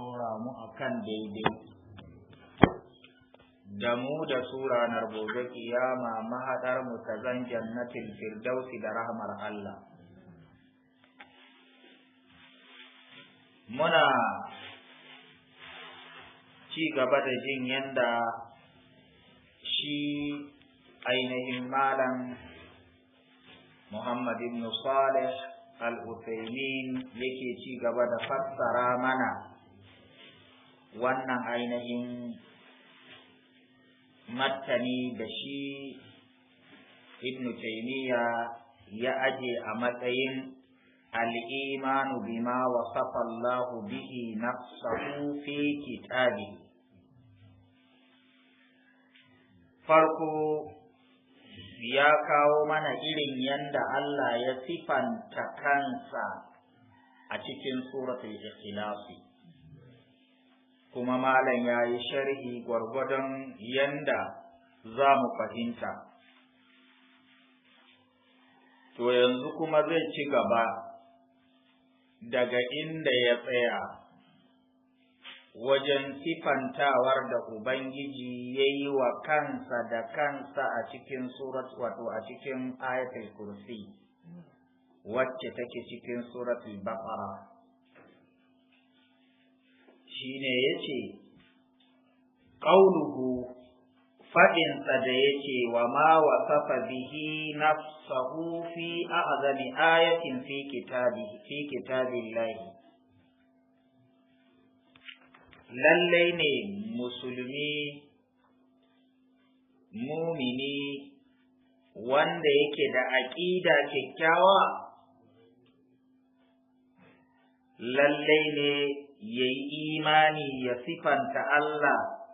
ɗora mu a kan daidai da mu da su ranar gobe kiyama mahaɗar mu ta zan jannatin firdausi da rahmar Allah muna ci gaba da jin yadda shi ainihin malam Muhammad ibn Salih al yake ci gaba da fassara mana wannan ainihin martani da shi ibn taymiya ya aje a matsayin al'imanu bima wasafa Allahu bihi nafsahu fi kitabi farko ya kawo mana irin yanda Allah ya sifanta kansa a cikin suratul ikhlasi kuma malam ya yi sharhi gwargwadon yanda za mu fahimta to yanzu kuma zai ci gaba daga inda ya tsaya wajen sifantawar da Ubangiji ya yi wa kansa da kansa a cikin surat wato a cikin ayatul kursi wacce take cikin suratul baqara shine yace qauluhu fadin sa da yace wa ma safa bihi nafsahu fi a'zami ayatin fi kitabihi fi kitabillahi lallai ne musulmi mumini wanda yake da aƙida kyakkyawa lallai ne Yayi imani ya sifanta Allah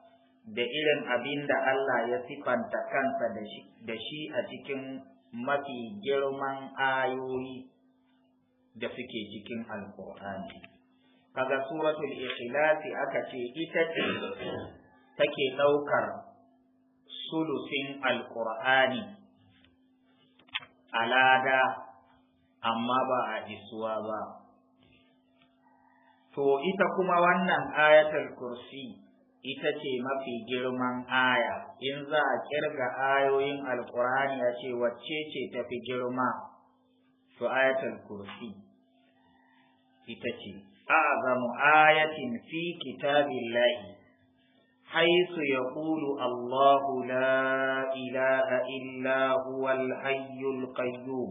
da irin abin da Allah ya sifanta kansa da shi a cikin mafi girman ayoyi da suke cikin alkur'ani kaga suratul ikhlasi aka ce ita ce take ɗaukar sulusin alkur'ani alada amma ba a isuwa ba to ita kuma wannan ayatul kursi ita ce mafi girman aya in za a kirga ayoyin alkurani ya ce wacce ce tafi girma to ayatul kursi ita ce a'zamu ayatin fi kitabillahi حيث يقول الله لا إله إلا هو الحي القيوم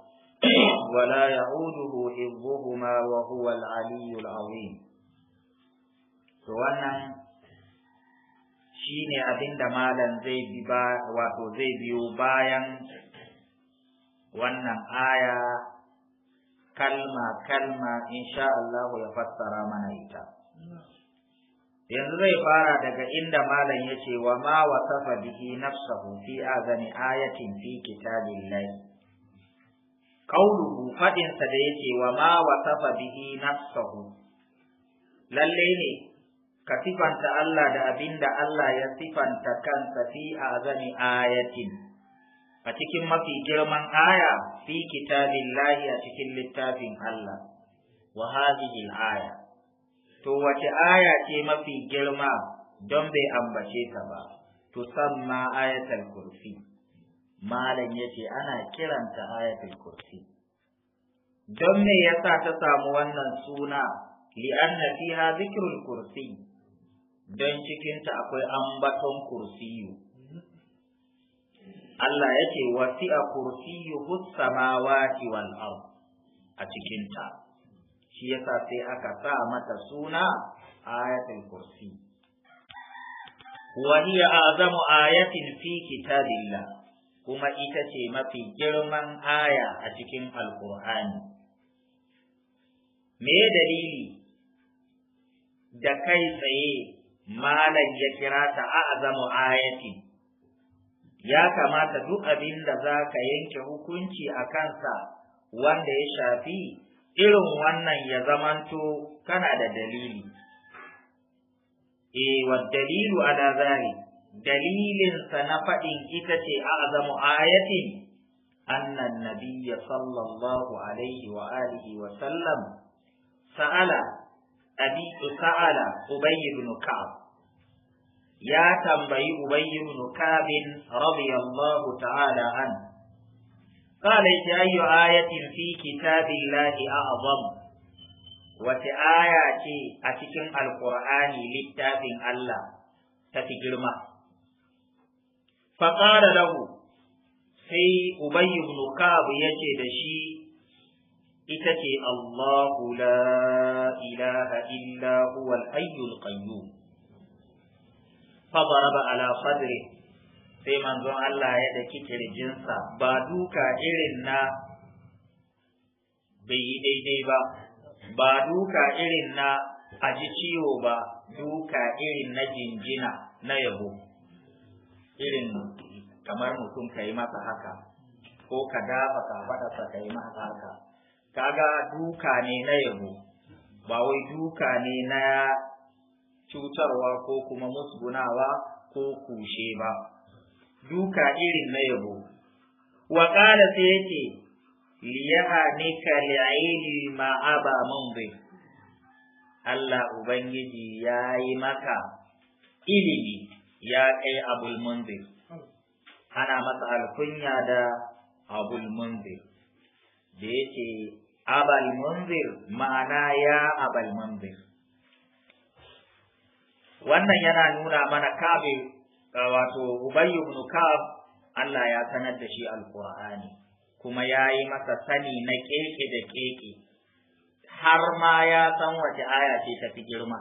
ولا يعوده حفظهما وهو العلي العظيم to wannan shine abin da malam zai bi ba wato zai biyo bayan wannan aya kalma kalma insha Allah ya fassara mana ita yanzu zai fara daga inda malam yace ce wa ma wasafa bihi nafsahu fi azani ayatin fi kitabillahi qauluhu fadinsa da yake wa ma wasafa bihi nafsuhu lalle ne ka sifanta Allah da abinda Allah ya sifanta kansa fi azami ayatin a cikin mafi girman aya fi kitabillahi a cikin littafin Allah wa hadhihi aya to wace aya ce mafi girma don bai ambace ta ba ma ayatul kursi malam yace ana kiranta ayatul kursi don me yasa ta samu wannan suna anna fiha zikrul kursi don cikinta akwai ambaton kursiyu Allah yake wasi'a kursiyuhu samawati wal ard a cikinta shi yasa sai aka sa mata suna ayatul kursi wa hiya azamu ayatin fi kitabillah kuma ita ce mafi girman aya a cikin alqur'ani me dalili da kai tsaye malam ya kira ta a azamu ayati ya kamata duk abin da za ka yanke hukunci a kansa wanda ya shafi irin wannan ya zamanto kana da dalili e wa dalilu ala zari dalilinsa na faɗin ita ce a azamu ayati annan nabiyya sallallahu alaihi wa alihi wa sallam sa'ala abi sa'ala ubay ibn ka'ab ya tambayi ubay ibn ka'ab radiyallahu ta'ala an قال أي آية في كتاب الله أعظم littafin Allah ta fi girma? تتجرم da له sai Ubayy ibn Ka'ab yace da shi ita ce Allahu la ilaha illa huwa al-hayyul qayyum fa daraba ala sadri sai manzon Allah ya daki kirjinsa ba duka irin na bai yi daidai ba ba duka irin na aji ciwo ba duka irin na jinjina na yabo irin kamar mutum ka yi masa haka ko ka dafa ka faɗa ka yi masa haka kaga duka ne na yabo ba wai duka ne na cutarwa ko kuma musgunawa ko kushe ba duka irin na yabo wa ƙara sai yake liyaha ne ka ma aba mun Allah Ubangiji ya yi maka ilimi ya kai abul munzir ana masa alkunya da abul munzir da yake abal munzir ma'ana ya abal munzir wannan yana nuna mana kabe eh, wato ubayy ibn kab Allah ya sanar da shi alqur'ani kuma ya yi masa sani na keke da keke har ma ya san wace aya ce ta fi girma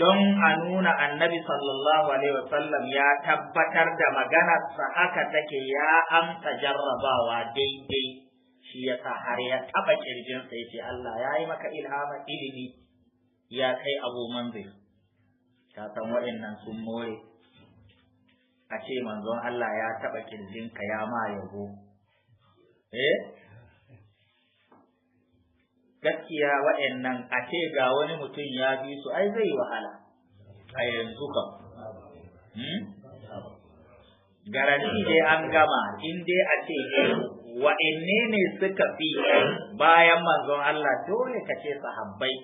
don a nuna annabi sallallahu alaihi wasallam ya tabbatar da maganarsa haka take ya amsa jarrabawa daidai shi ya sa har ya taɓa kirjin ya ce Allah ya yi maka ilhama ilimi ya kai abu manzil ka san waɗannan sun more a ce manzon Allah ya taɓa ka ya ma yabo eh gaskiya waɗannan a ce ga wani mutum ya bi su ai zai wahala a yanzu kam hmm? garanti dai an gama in dai a ce eh. inne ne suka fi bayan manzon Allah dole kace ce sahabbai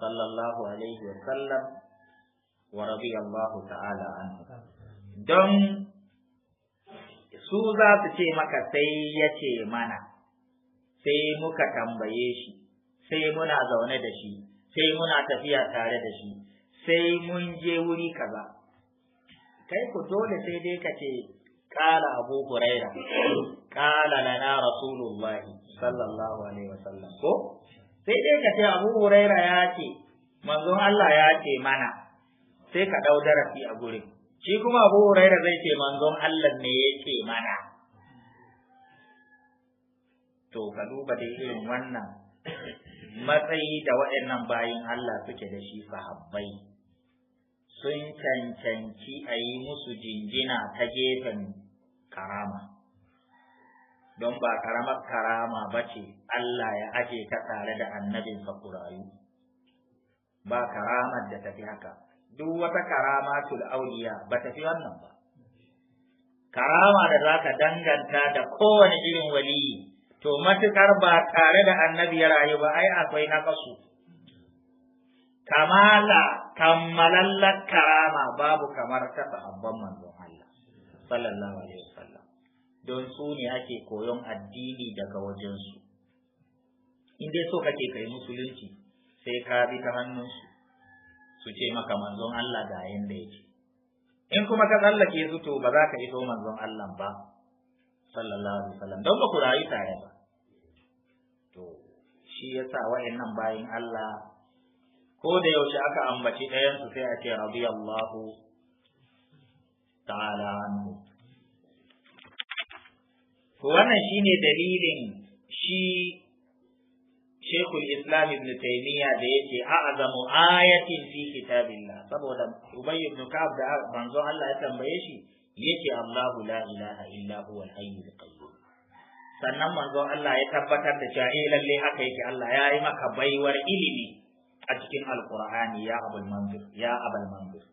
sallallahu alaihi wa sallam wa radiyallahu ta'ala anhu don su za su ce maka sai yace mana sai muka tambaye shi sai muna zaune da shi sai muna tafiya tare da shi sai mun je wuri kaza kai ku dole sai dai kace. قال أبو هريرة قال لنا رسول الله صلى الله عليه وسلم ko sai dai ce Abu Huraira ya ce Allah ya ce mana sai ka darasi a guri, shi kuma Abu zai ce manzon Allah ne ya ce mana to ka duba da irin wannan matsayi da waɗannan bayan Allah suke da shi sahabbai sun cancanci a yi musu jinjina ta gefen karama don ba karamar karama ba ce Allah ya aje ta tare da annabinsa ku rayu ba karamar da tafi haka duk wata karama da auliya ba tafi wannan ba karama da za ka danganta da kowane irin waliyi to matukar ba tare da annabi ya rayu ba ai akwai na kasu kamala kammalallar karama babu kamar ta sahabban manzo sallallahu alaihi wasallam don su ne ake koyon addini daga wajensu in dai so kake kai musulunci sai ka bi ta hannunsu su ce maka manzon Allah ga yanda yake in kuma ka tsallake su to ba za ka iso manzon Allah ba sallallahu alaihi wasallam don ba ku rayu tare ba to shi yasa wayannan bayin Allah ko da yaushe aka ambaci ɗayan su sai ake radiyallahu Allahu. ta'ala anhu wannan shine dalilin shi Sheikhul Islam Ibn Taymiyyah da yake a'azamu ayatin fi kitabillah saboda Ubay ibn Ka'ab da manzo Allah ya tambaye shi yake Allahu la ilaha illa huwa al-hayyul qayyum sannan manzo Allah ya tabbatar da cewa eh lalle haka yake Allah ya yi maka baiwar ilimi a cikin Alqur'ani ya abul manzur ya abul manzur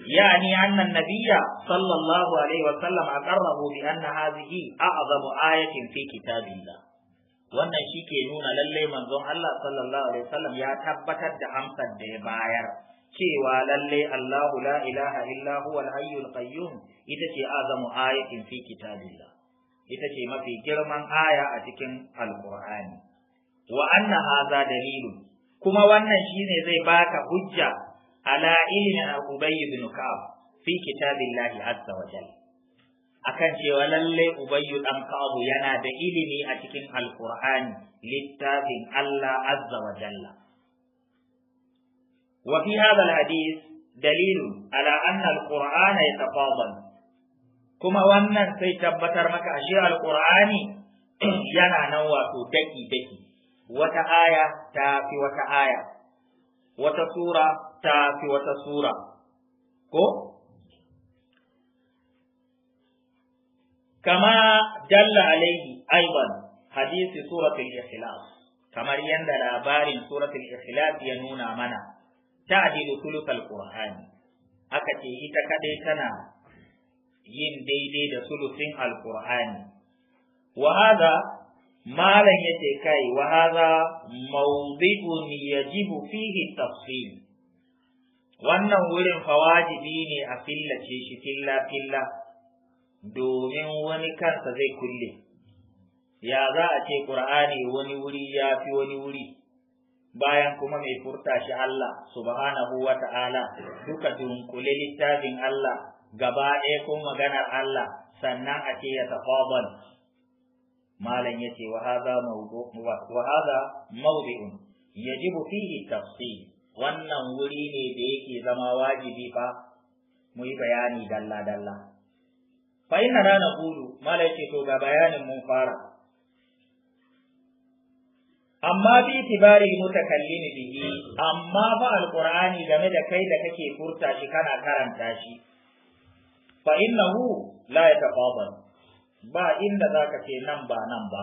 يعني أن النبي صلى الله عليه وسلم أقره بأن هذه أعظم آية في كتاب الله wannan shi ke nuna lalle manzon Allah sallallahu alaihi wasallam ya tabbatar da amsar da ya bayar cewa lalle Allahu la ilaha illa huwa al-hayyul qayyum ita ce azamu ayatin fi kitabillah ita ce mafi girman aya a cikin al alqur'ani wa anna hadha dalilun kuma wannan shine zai baka hujja ala ilmin Ubay ibn Ka'ab fi kitabillahi azza wa jalla akan cewa lalle Ubay dan Ka'ab yana da ilimi a cikin Alqur'ani littafin Allah azza wa jalla wa fi hadha alhadith dalil ala anna alqur'ana yatafadal kuma wannan sai tabbatar maka ashe alqur'ani yana nan wato daki daki wata aya ta fi wata aya wata sura ta fi wata sura ko kama dalla alaihi aiban hadisi suratul ikhlas kamar yanda labarin suratul ikhlas ya nuna mana ta'dilu al qur'ani aka ce ita kadai tana yin daidai da sulusin alqur'ani wa hadha malan yace kai wa hadha mawdhi'un yajibu fihi tafsil wannan wurin fawajibi ne a fillace shi filla-filla domin wani kansa zai kulle ya za a ce ƙur'ani wani wuri ya fi wani wuri bayan kuma mai furta shi Allah subhanahu wa ta'ala duka dunkule littafin Allah gaba ɗaya ko maganar Allah sannan a ce ya tafawon malam yace wa hadha wa hadha mawdu'un yajibu fihi tafsir wannan wuri ne da yake zama wajibi fa mu yi bayani dalla dalla fa inna na naqulu malaka to ga bayanin mun fara amma bi tibari mutakallim bihi amma fa alqur'ani game da kai da kake furta shi kana karanta shi fa innahu la yatafadal ba inda zaka ce nan ba nan ba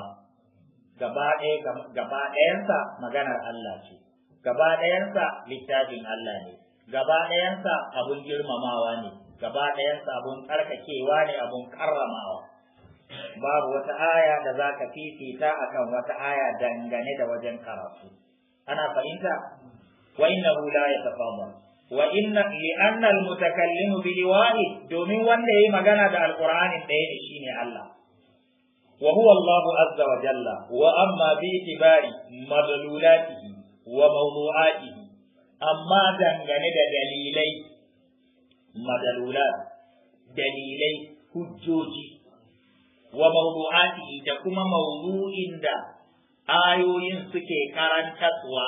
gaba ɗaya gaba ɗayansa maganar Allah ce gaba ɗayansa littafin Allah ne gaba ɗayansa abun girmamawa ne gaba ɗayansa abun karkakewa ne abun karramawa babu wata aya da za ka fifita akan wata aya dangane da wajen karatu ana fahimta wa hula ya yatafamu wa inna li anna mutakallimu bi domin wanda yi magana da alqur'ani ɗaya ne shine Allah wa huwa Allah azza wa jalla wa amma bi itibari madlulatihi wa mawdu'ati amma dangane da dalilai madalula dalilai hujjoji wa mawdu'ati da kuma mawdu'in da ayoyin suke karantarwa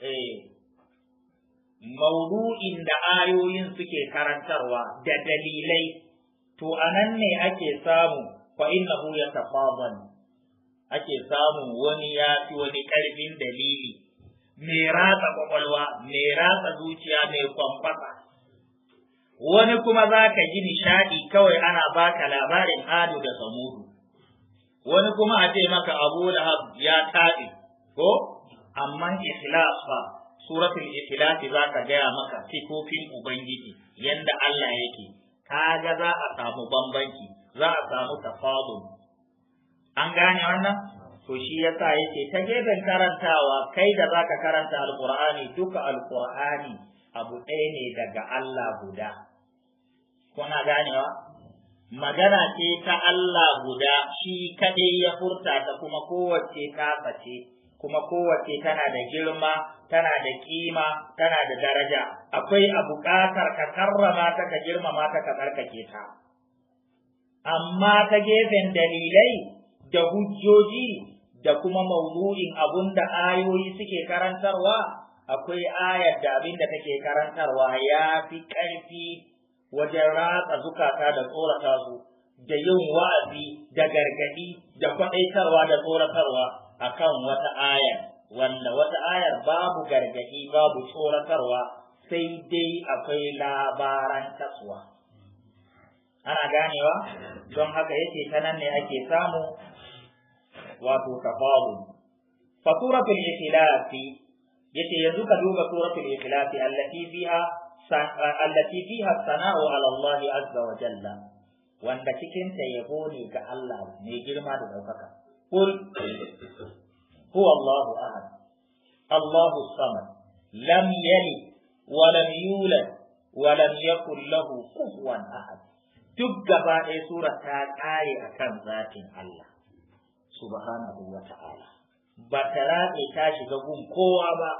eh mawdu'in da ayoyin suke karantarwa da dalilai to anan ne ake samu fa innahu yatafadal ake samun wani ya fi wani ƙarfin dalili mai ratsa kwakwalwa mai ratsa zuciya mai kwamfasa wani kuma za ka ji nishaɗi kawai ana baka labarin ado da samudu wani kuma a ce maka abu lahab ya taɗi ko amma ikhlas ba suratul ikhlas za ka gaya maka sifofin ubangiji yanda Allah yake ga za a samu bambanci za a samu tafadun, an gane wannan to shi yasa yake ta gefen karantawa kai da zaka karanta alqur'ani duka alqur'ani abu ɗaya ne daga Allah guda kuna ganewa magana ce ta Allah guda shi kaɗai ya furta ta kuma kowace kafa ce kuma kowace tana da girma tana da kima tana da daraja akwai a buƙatar ka karrama ta ka girmama ta ka tsarkake ta amma ta gefen dalilai da hujjoji da kuma mawdu'in abun ayoyi suke karantarwa akwai ayar da abin da take karantarwa ya fi ƙarfi wajen ratsa zukata da tsorata su da yin wa'azi da gargadi, da kwaɗaitarwa da tsoratarwa a kan wata ayar wanda wata ayar babu gargadi, babu tsoratarwa sai dai akwai labaran taswa ana ganewa don haka yake ta nan ne ake samu wato tafadul fa suratul ikhlas yace yanzu ka duba suratul ikhlas allati fiha allati fiha sana'u ala Allah azza wa jalla wanda cikin ta yabo ne ga Allah mai girma da daukaka kul huwa Allahu ahad Allahu samad lam yalid wa lam yulad wa lam yakul lahu kufuwan ahad duk gaba ɗaya sura ta ƙare akan zatin Allah subhanahu wa ta'ala ba ta ratse ta shiga gun kowa ba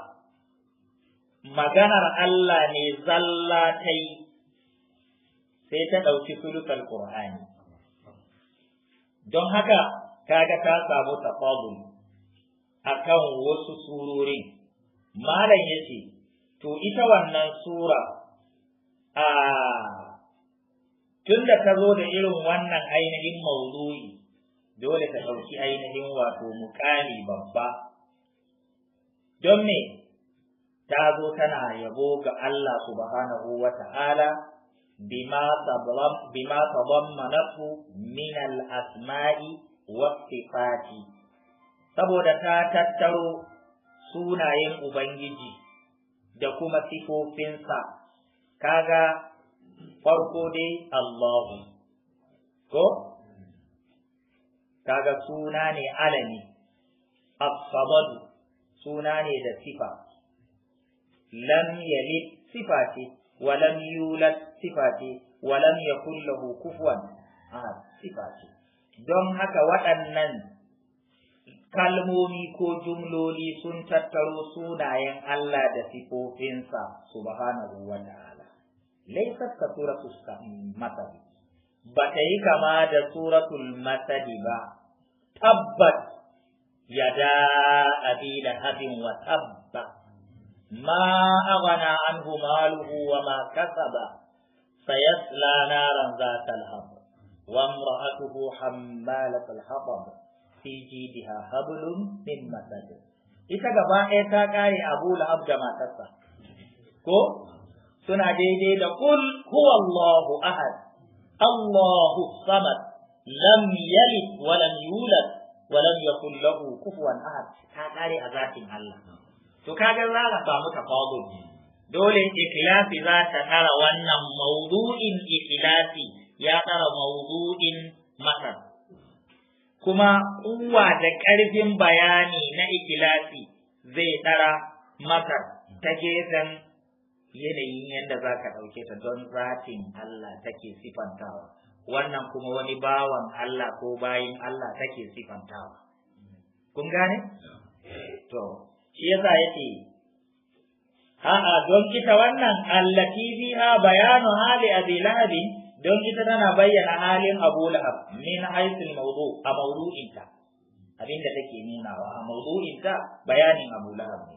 maganar Allah ne zalla ta yi sai ta ɗauki sulutar Qur'ani don haka ga ta samu tafadul akan wasu sururin, malam yace to ita wannan sura a tunda ta zo da irin wannan ainihin maudu'i dole ka ɗauki ainihin wato muƙami babba don me ta zo tana yabo ga Allah subhanahu wa ta'ala bima tabammanatu min al-asma'i wa sifati saboda ta tattaro sunayen Ubangiji da kuma sifofinsa kaga farko dai Allahu ko kaga suna ne alami as suna ne da sifa lam yalid sifati wa lam sifati wa lam yakul lahu kufuwan ahad sifati don haka waɗannan kalmomi ko jumloli sun tattaro sunayen Allah da sifofinsa subhanahu wa ta'ala laysa ka suratu matabi ba ta yi kama da suratul masadi ba tabbat yada abila habin wa tabba ma aghna anhu maluhu wa ma kasaba sayasla naran zata lahab wa imra'atuhu hammalat al-hatab fi jidiha hablum min masad ita gaba ɗaya ta kare Abu Lahab da matarsa ko suna daidai da kul huwallahu ahad Allahu samad lam yalid wa lam yulad wa lam yakul lahu kufuwan ahad ta kare a zatin Allah to kaga lalata ka samu dole ikhlasi za ta tsara wannan mawdu'in ikhlasi ya tsara mawdu'in masar kuma kuwa da ƙarfin bayani na ikhlasi zai tsara masar ta gefen yanayin yadda za ka ɗauke ta don zatin Allah take sifantawa wannan kuma wani bawan Allah ko bayin Allah take sifantawa kun gane to shi yasa yake a'a don ita wannan allati fiha bayanu hali abi lahabi don ita tana bayyana halin abu lahab min haisul mawdu a mawdu'inta abinda take nunawa a mawdu'inta bayanin abu lahab ne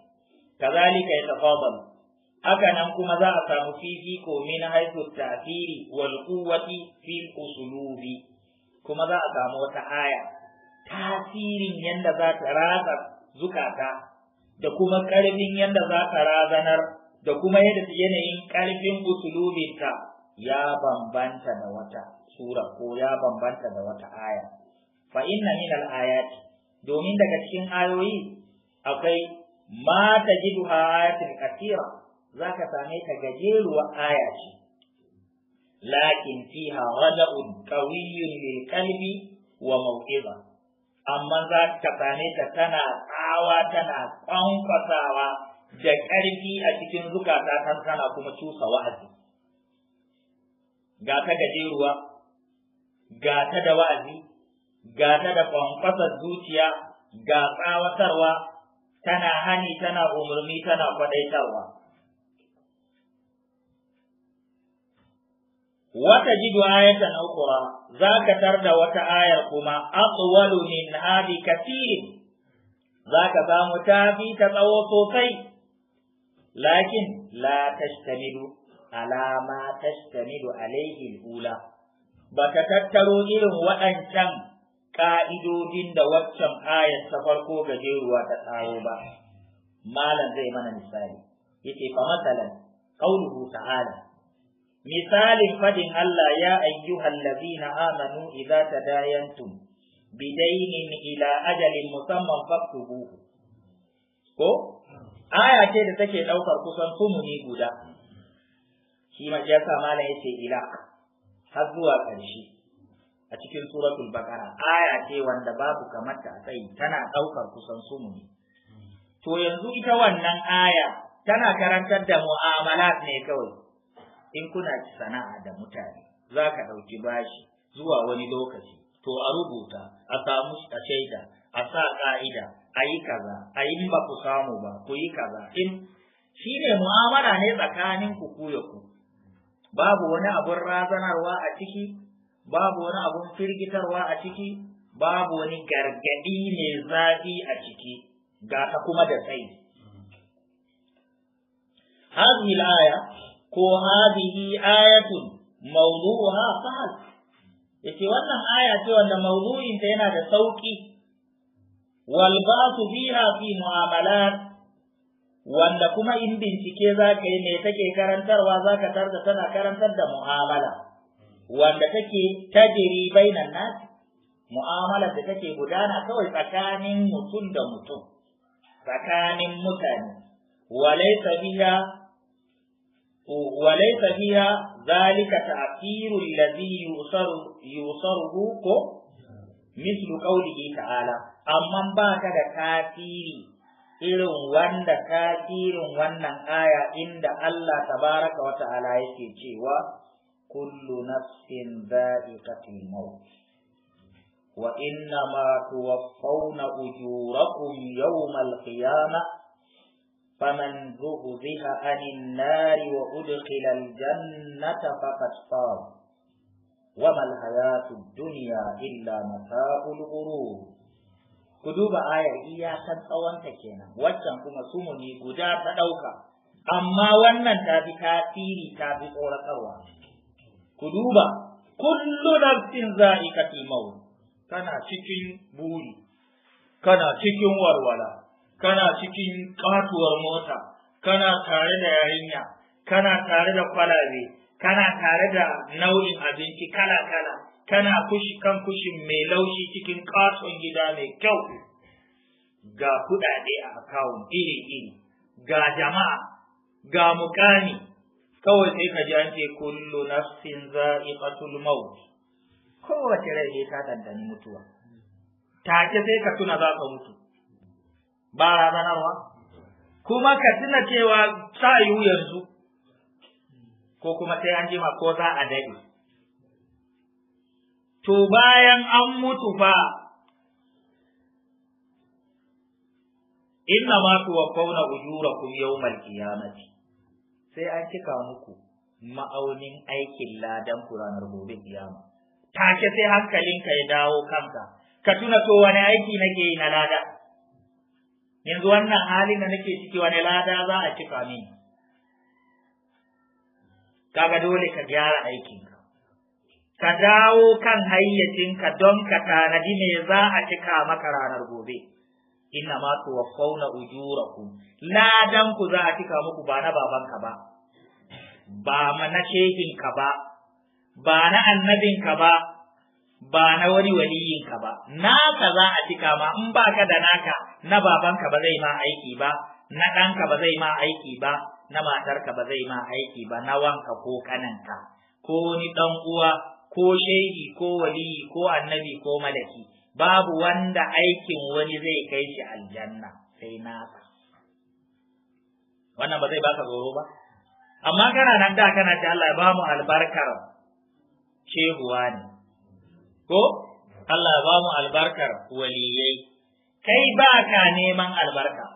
kazalika yatafadalu haka nan kuma za a samu fifiko min haifu tasiri wal quwwati fil usulubi kuma za a samu wata aya tasirin yanda za ta ratsa zukata da kuma karfin yanda za ta razanar da kuma yadda yanayin karfin usulubinta ya bambanta da wata sura ko ya bambanta da wata aya fa inna min al domin daga cikin ayoyi akwai ma tajiduha ayatin katira za ka same ta gajeruwa aya ce lakin fiha rada'un qawiyyun lil qalbi wa mawqiza amma za ka same ta tana tsawa tana kwankwasawa da ƙarfi a cikin zukata kan tana kuma cusa wa'azi ga ta gajeruwa ga ta da wa'azi ga ta da kwankwasar zuciya ga tsawatarwa tana hani tana umarni tana kwadaitarwa wata jidu ayatan ukura za ka tarda wata ayar kuma atwalu min hadi kathirin za ka samu tafi ta tsawo sosai lakin la tashtamilu ala ma tashtamilu alaihi hula, ba ta tattaro irin waɗancan ƙa'idodin da waccan ayar ta farko gajeruwa ta tsaro ba malam zai mana misali yace fa masalan qauluhu ta'ala misalin fadin Allah ya ayyuhal ladina amanu idza tadayantum bidainin ila ajalin musamman faktubuhu ko aya ce da take ɗaukar kusan sumuni guda shi ma ya sa mala yace ila har zuwa ƙarshe a cikin suratul baqara aya ce wanda babu kamar ta tsayi tana ɗaukar kusan sumuni to yanzu ita wannan aya tana karantar da mu'amalat ne kawai in kuna sana'a da mutane za ka ɗauki bashi zuwa wani lokaci to a rubuta a samu a shaida a sa ƙa'ida a yi kaza a yi ba ku samu ba ku yi kaza in shi ne mu'amala ne tsakanin ku ku ya ku babu wani abun razanarwa a ciki babu wani abun firgitarwa a ciki babu wani gargadi mai zafi a ciki ga ta kuma da tsayi. هذه الآية ko hadihi ayatun mawdu'uha sahal yace wannan aya ce wanda mawdu'in ta yana da sauki wal ba'su biha fi mu'amalat wanda kuma in bincike za ka yi me take karantarwa zaka ka tarda tana karantar da mu'amala wanda take tajiri bainan nas mu'amala da take gudana kawai tsakanin mutum da mutum tsakanin mutane walaysa biha وليس فيها ذلك تأثير الذي يوصر يوصره مثل قوله تعالى أما باك تأثيري irin wanda tasirin wannan aya inda Allah tabaraka wa ta'ala yake cewa kullu nafsin dha'iqatul maut wa inna ma tuwaffawna ujurakum yawmal qiyamah فمن زهزها عن النار وأدخل الجنة فقد فاض وما الحياة الدنيا إلا متاع الغرور كدوب آية إيا تتصور تكينا وشان كما سمني قدا تدوكا أما وانا تابي كاتيري تابي قولة كروان كدوبا كل نفس زائكة الموت كان شكين بولي كان شكين ورولا kana cikin katuwar mota kana tare da yarinya kana tare da kwalabe kana tare da nau'in abinci kala kala kana kushi kan kushin mai laushi cikin katon gida mai kyau ga kuɗaɗe a akawun iri iri ga jama'a ga mukami kawai sai ka ji an ce kullu nafsin za'iqatul maut kowace rai ne ta mutuwa take sai ka tuna za ka mutu ba razanarwa kuma ka tuna cewa ta yiwu yanzu ko kuma sai an jima ko za a daɗe to bayan an mutu fa inna ma tuwaffawna ujurakum yawmal qiyamati sai an cika muku ma'aunin aikin ladan ku ranar gobe kiyama take sai hankalinka ya dawo kanka ka tuna to wani aiki nake yi na lada yanzu wannan halin da nake ciki wani lada za a cika mini kaga dole ka gyara aikinka ka dawo kan hayyacinka don ka tanadi me za a cika maka ranar gobe inna ma tuwaffawna ujurakum ladan ku za a cika muku ba na babanka ba ba ma na shehinka ba ba na annabinka ba ba na wani waliyinka ba naka za a cika ma in baka da naka na babanka ba zai ma aiki ba na ɗanka ba zai ma aiki ba na matarka ba zai ma aiki ba na wanka ko kananka ko ni ɗan uwa ko shehi ko waliyi ko annabi ko malaki babu wanda aikin wani zai kai shi aljanna sai nasa wannan ba zai baka tsoro ba amma kana nan da kana ce Allah ya ba mu albarkar shehuwa ne ko Allah ya ba mu albarkar waliyai kai ba ka neman albarka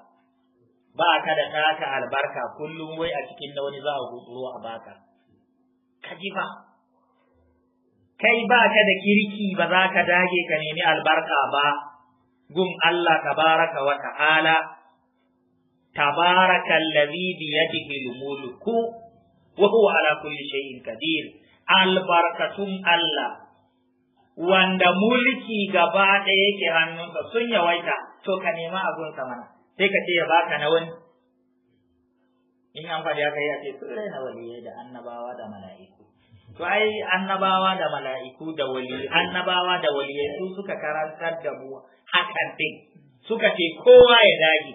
ba ka da taka albarka kullum wai a cikin da wani za a gutsuro a baka ka ji ba kai ba ka da kirki ba za ka dage ka nemi albarka ba gum Allah tabaraka wa ta'ala tabaraka allazi bi yadihi al-mulku wa huwa ala kulli shay'in qadir albarkatun Allah wanda mulki gaba ɗaya yake hannunsa sun yawaita to ka nema abunsa mana sai ka ce ya baka na wani in an faɗi aka yi a ce sun na waliyai da annabawa da mala'iku to ai annabawa da mala'iku da wali annabawa da waliyai su suka karantar da mu hakan din suka ce kowa ya dage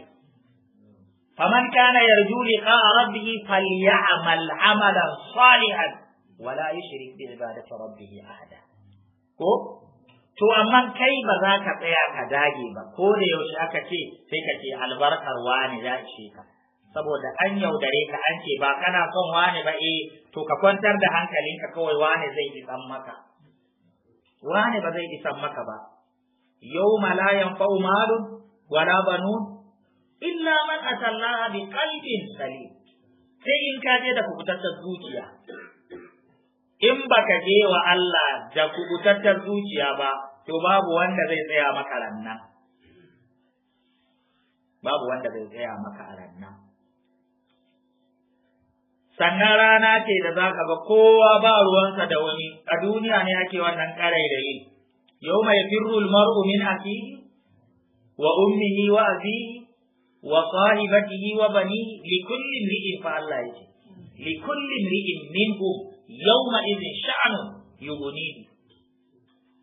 faman kana yarju liqa rabbih falyamal amalan salihan wala yushrik bi ibadati rabbih ahada ko to amma kai ba za ka tsaya ka dage ba ko da yaushe aka ce sai ka ce albarkar wani za ce ka saboda an yaudare ka an ce ba kana son wani ba eh to ka kwantar da hankalinka kawai wani zai isan maka wani ba zai isan maka ba yau malayan yanfa'u wala banu illa man atallaha bi qalbin salim sai in ka je da kubutar zuciya in baka je wa Allah da kubutaccen zuciya ba to babu wanda zai tsaya maka ranna. babu wanda zai tsaya maka a sannan rana ce da za ka ga kowa ba ruwansa da wani a duniya ne ake wannan yi. yau mai firrul mar'u min akihi wa ummihi wa abihi wa sahibatihi wa bani li kulli imri'in fa Allah ya ce, likullin ri'in min ku? yawma idin sha'anu yughnihi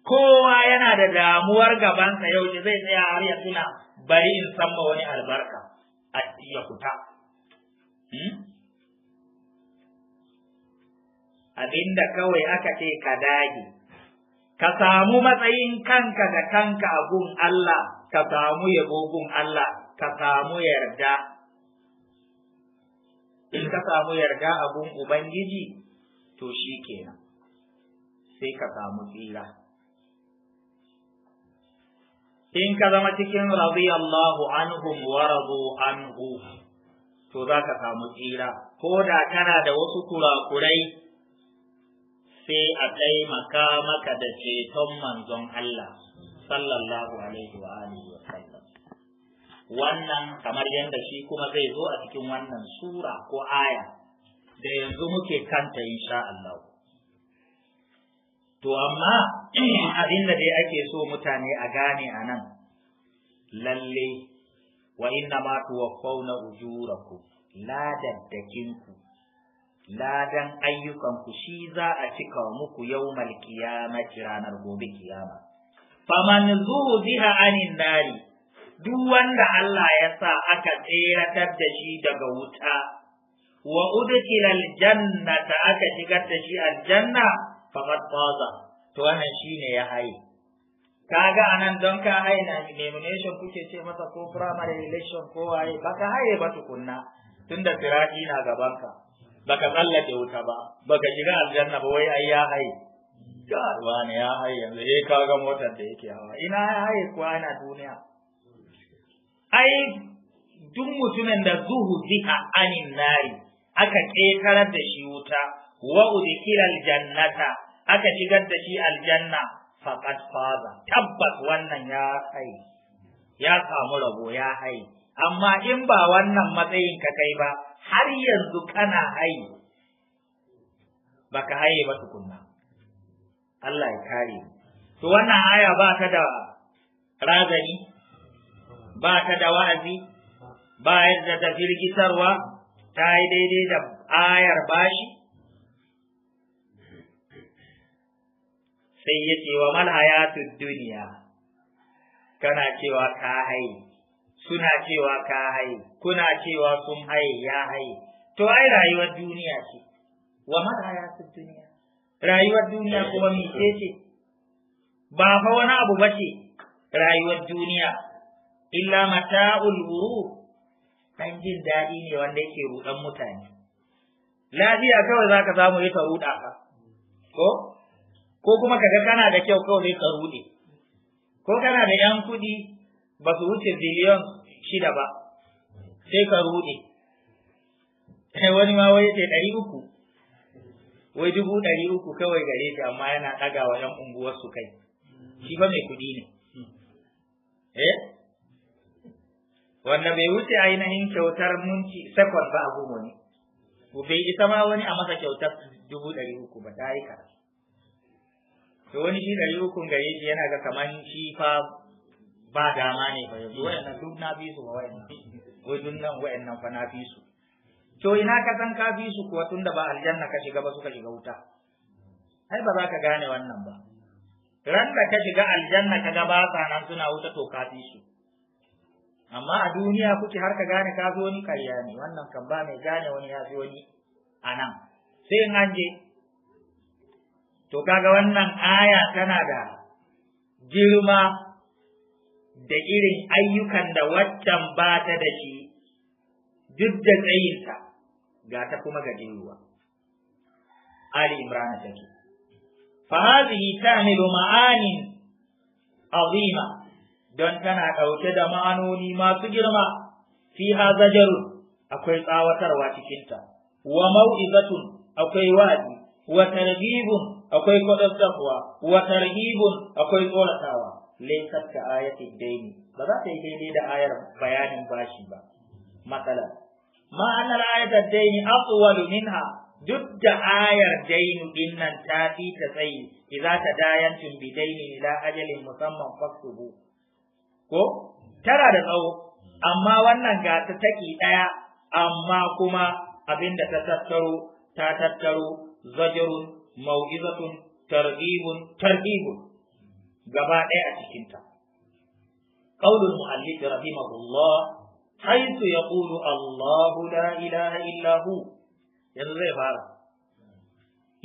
kowa yana da damuwar gabansa yau zai tsaya har ya tuna bari in san ma wani albarka a ya kuta hmm? abinda kawai aka ce ka dage ka samu matsayin kanka da kanka a gun Allah ka samu yabo gun Allah ka samu yarda in ka samu yarda a gun Ubangiji to shi kenan sai ka samu tsira in ka zama cikin radiyallahu anhum wa radu anhu to za ka samu tsira ko da kana da wasu kurakurai sai a taimaka maka da ceton manzon Allah sallallahu alaihi wa alihi wa sallam wannan kamar yadda shi kuma zai zo a cikin wannan sura ko aya da yanzu muke kanta insha Allah. To amma abin da dai ake so mutane a gane a nan, lalle wa inna ma tuwaffawna ujurakum ladaddakinku ladan ayyukanku shi za a cika muku yawmal qiyamati ranar gobe kiyama faman zuhziha anin nari duk wanda Allah ya sa aka tseratar da shi daga wuta wa udkhila aljannata aka shigar da shi aljanna faqad faza to wannan shine ya haye kaga anan don ka haye na nomination kuke ce masa ko primary election ko waye baka haye ba tukunna tunda firaki na gaban ka. baka tsallake wuta ba baka shiga aljanna ba wai ai ya haye garuwa ne ya haye yanzu eh kaga motar da yake hawa ina ya haye kuwa ana duniya ai duk mutumin da zuhu zika anin nari aka ƙetarar da shi wuta wa udkhila jannata aka shigar da shi aljanna faqad faza tabbas wannan ya kai, ya samu rabo ya hai amma in ba wannan matsayin ka kai ba har yanzu kana hai baka haye ba tukunna Allah ya kare to wannan aya ba ta da razani ba ta da wa'azi ba yadda ta firgitarwa ta yi daidai da ayar bashi sai ya ce wa mal hayatu duniya kana cewa ka haye suna cewa ka haye kuna cewa sun haye ya haye to ai rayuwar duniya ce wa mal hayatu duniya rayuwar duniya kuma mece ce ba fa wani abu ba ce. rayuwar duniya illa mata'ul ghurur dan jin daɗi ne wanda yake ruɗan mutane lafiya kawai zaka samu yi ruɗa ka ko ko kuma kaga kana da kyau kawai ka ruɗe ko kana da yan kuɗi ba su wuce biliyon shida ba sai ka ruɗe Sai wani ma wai sai ɗari uku wai dubu ɗari uku kawai gare shi amma yana ɗaga wa ‘yan unguwarsu kai shi fa mai kuɗi ne wanda bai wuce ainihin kyautar minti sekon ba a ko bai isa ma wani a masa kyautar dubu ɗari uku ba ta yi karatu to wani shi ɗari uku gare shi yana ga kaman shi fa ba dama ne ba yanzu wayannan duk na fi su ba wayannan wai duk nan wayannan fa na fi su to ina ka san ka fi su kuwa tunda ba aljanna ka shiga ba suka shiga wuta ai ba za ka gane wannan ba ran da ka shiga aljanna ka ga ba nan suna wuta to ka fi su amma a duniya kuke har ka gane ka zo ni karya ne wannan kan ba mai gane wani ya zo ni a sai in an je to kaga wannan aya tana da girma da irin ayyukan da waccan ba ta da shi duk da tsayinta ga ta kuma ga jiruwa ali imran take fa hadhihi ta'milu ma'anin azima don tana ɗauke da ma'anoni masu girma fi zajarun akwai tsawatarwa cikinta wa mau'izatun akwai wadi. wa targhibun akwai kwadantarwa wa targhibun akwai tsoratawa laysat ka ayati daini ba za ta yi daidai da ayar bayanin bashi ba matsala ma annal ayatat daini atwalu minha duk da ayar dainu dinnan ta fi ta tsayi idza tadayantum bidaini ila ajalin musamman faktubu ko tara da tsawo amma wannan ga ta taki ɗaya amma kuma abinda ta tattaro ta tattaro zajarun mau'izatun targhibun targhibun gaba ɗaya a cikinta qaulul muallif rahimahullah haythu yaqulu الله la ilaha illa hu yanzu zai fara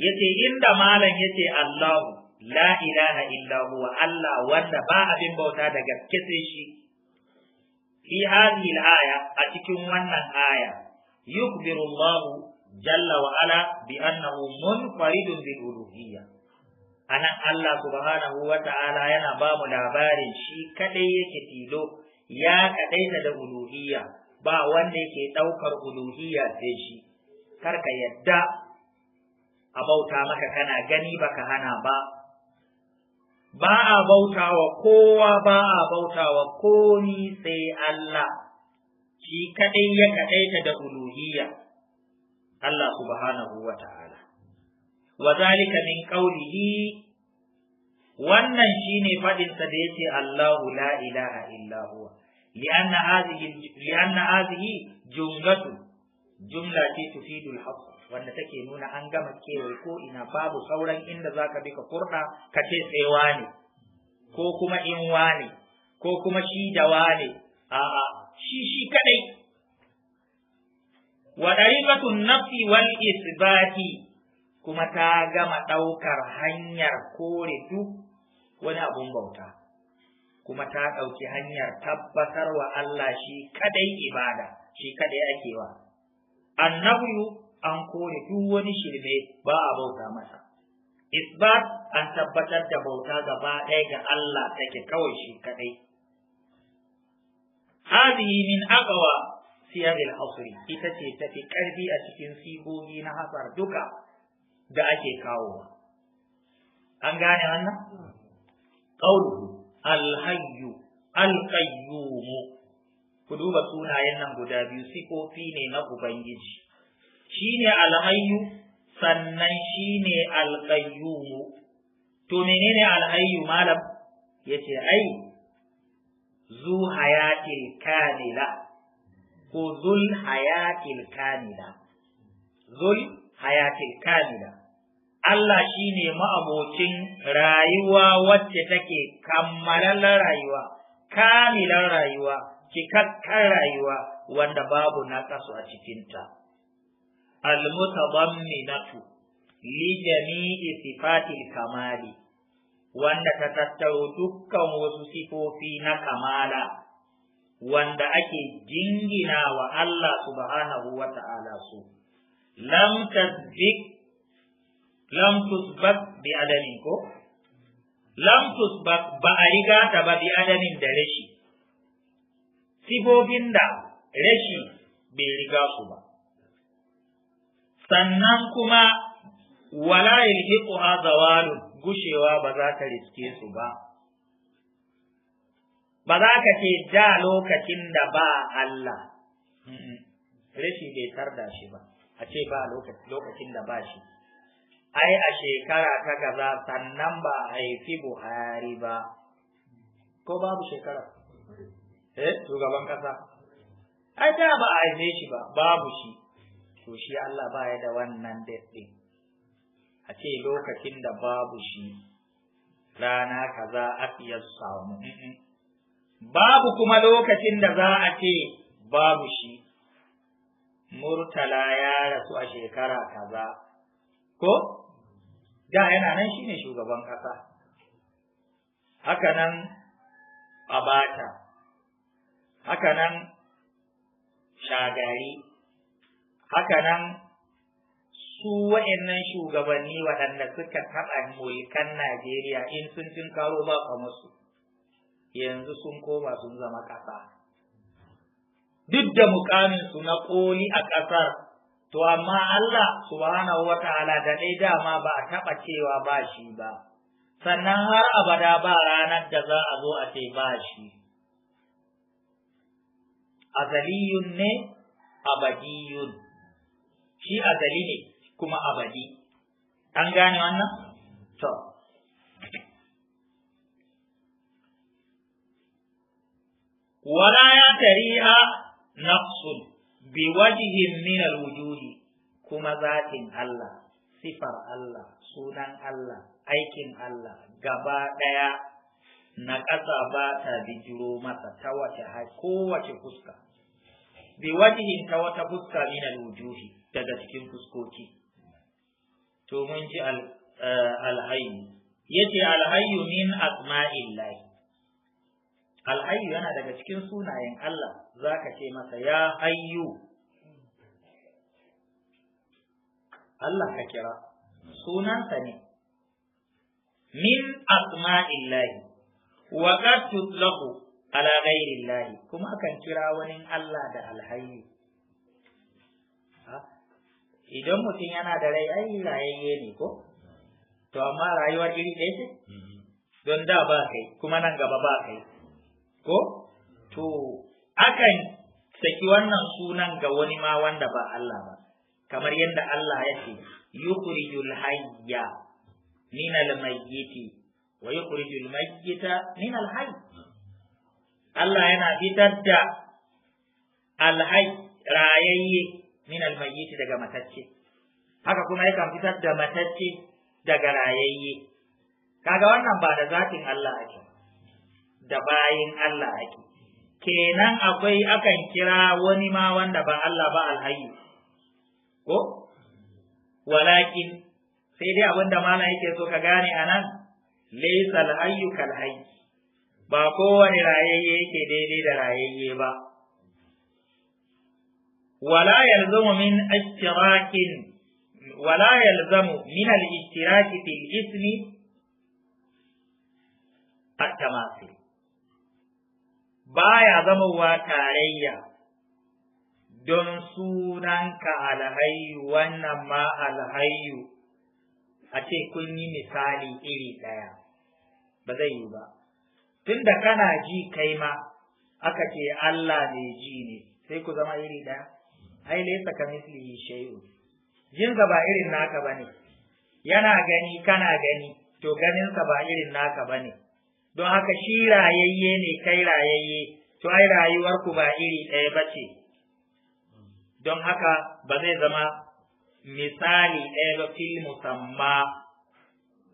yace inda malam yace Allahu la ilaha a huwa Allah wanda ba abin bauta da gaske sai shi fi aya a cikin wannan aya yukbiru Allah jalla wa ala bi annahu munfaridun bil uluhiyya anan Allah subhanahu wa ta'ala yana ba mu labarin shi kadai yake tilo ya kadaita da uluhiyya ba wanda yake daukar uluhiyya sai shi ka yadda a bauta maka kana gani baka hana ba ba a bautawa kowa ba a bautawa komi sai Allah shi kaɗai ya kaɗaita da uluhiyya Allah subhanahu wa ta'ala Wazalika zalika min qawlihi wannan shine ne faɗinsa da ce Allahu la ilaha illa huwa li'anna hadhihi li'anna jumla ce tufidul haqq wanda take nuna an gama kewaye ko ina babu sauran inda za ka bi ka kurɗa ka ce tsewa ne ko kuma in wane, ko kuma shi da wane. a'a shi shi kadai wa dariqatun nafi wal isbati kuma ta gama ɗaukar hanyar kore duk wani abun bauta kuma ta ɗauki hanyar tabbatar wa Allah shi kadai ibada shi kadai akewa, wa annahu an kore duk wani shirme ba a bauta masa isbat an tabbatar da bauta gaba ɗaya ga Allah take kawai shi kadai Hadi min aqwa siyaril hasri ita ce ta fi karfi a cikin sigogi na hasar duka da ake kawowa an gane wannan Ƙauru alhayyu alqayyum ku duba sunayen nan guda biyu sifofi ne na ubangiji Shi ne alhayyu sannan shi shine alqayyumu to menene alhayyu malam yace ai zu hayatil kamila ko zul hayatil kamila zul hayatil kamila Allah ne ma'abocin rayuwa wacce take kammalallar rayuwa kamilar rayuwa cikakkar rayuwa wanda babu naƙasu a cikinta. almutadamminatu li jami'i sifatil kamali wanda ta tattaro dukkan wasu sifofi na kamala wanda ake jingina wa Allah subhanahu wa ta'ala su lam tasbik lam tusbat bi adamin ko lam tusbat ba a riga ta ba bi adamin da rashi sifofin da rashi bai riga su ba sannan kuma wala yalhiqu zawalun gushewa ba za ka riske su ba ba za ka ce da lokacin da ba Allah rashi bai tarda shi ba a ce ba lokacin da ba shi ai a shekara ta gaza sannan ba a haifi buhari ba ko babu shekara eh shugaban kasa ai da ba a haife shi ba babu shi to shi Allah baya da wannan daɗin a ce lokacin da babu shi rana kaza a samu babu kuma lokacin da za a ce babu shi murtala ya rasu a shekara kaza ko da yana nan shine shugaban ƙasa haka nan abata haka nan shagari haka nan su wa'annan shugabanni waɗanda suka taɓa mulkan Najeriya in sun cin karo ba musu yanzu sun koma sun zama ƙasa duk da mukamin su na ƙoli a ƙasar to amma Allah subhanahu ta'ala da dai dama ba a taɓa cewa ba shi ba sannan har abada ba ranar da za a zo a ce ba shi azaliyun ne abadiyun shi azali ne kuma abadi an gane wannan to wala ya tariha nafsun bi wajihin min alwujuhi kuma zatin Allah sifar Allah sunan Allah aikin Allah gaba daya na ƙasa ba ta bijiro masa ta wace kowace fuska bi wajihin ta wata fuska min alwujuhi daga cikin fuskoki to mun ji eh, alhayu yace alhayu min asma'illahi alhayu yana daga cikin sunayen Allah za ka ce masa ya hayyu Allah ka kira sunansa ne min asma'illahi wa qad tutlaqu ala ghairi kuma kan kira wani Allah da Alhayu. idan mutum yana da rai ai rayayye ne ko to amma rayuwar iri ɗaya ce mm-hmm. don da ba kai kuma nan gaba ba kai ko to akan saki wannan sunan ga wani ma wanda ba Allah ba kamar yadda Allah ya ce yukhrijul hayya min al mayyiti wa yukhrijul mayyita min al hayy Allah yana fitar da al hayy rayayye min almayyiti daga matacce haka kuma yakan fitar da matacce daga rayayye kaga wannan ba da zatin Allah ake da bayin Allah ake kenan akwai akan kira wani ma wanda ba Allah ba alhayyi. ko walakin sai dai abinda mana yake so ka gane anan laysa alhayyu kalhayy ba kowane rayayye yake daidai da rayayye ba wala yalzamu min ishtirakin wala yalzamu min al-ishtiraki fil ismi at-tamasil baya zamowa tarayya don sunanka alhayu wannan ma alhayu a ce kun yi misali iri ɗaya ba zai yi ba tunda kana ji kai ma aka ce Allah mai ji ne sai ku zama iri ɗaya ai laysa kamithlihi shay'un jin ba irin naka bane yana gani kana gani to sa ba irin naka bane don haka shi rayayye ne kai rayayye to ai ku ba iri ɗaya bace don haka ba zai zama misali ɗaya ba fil musamma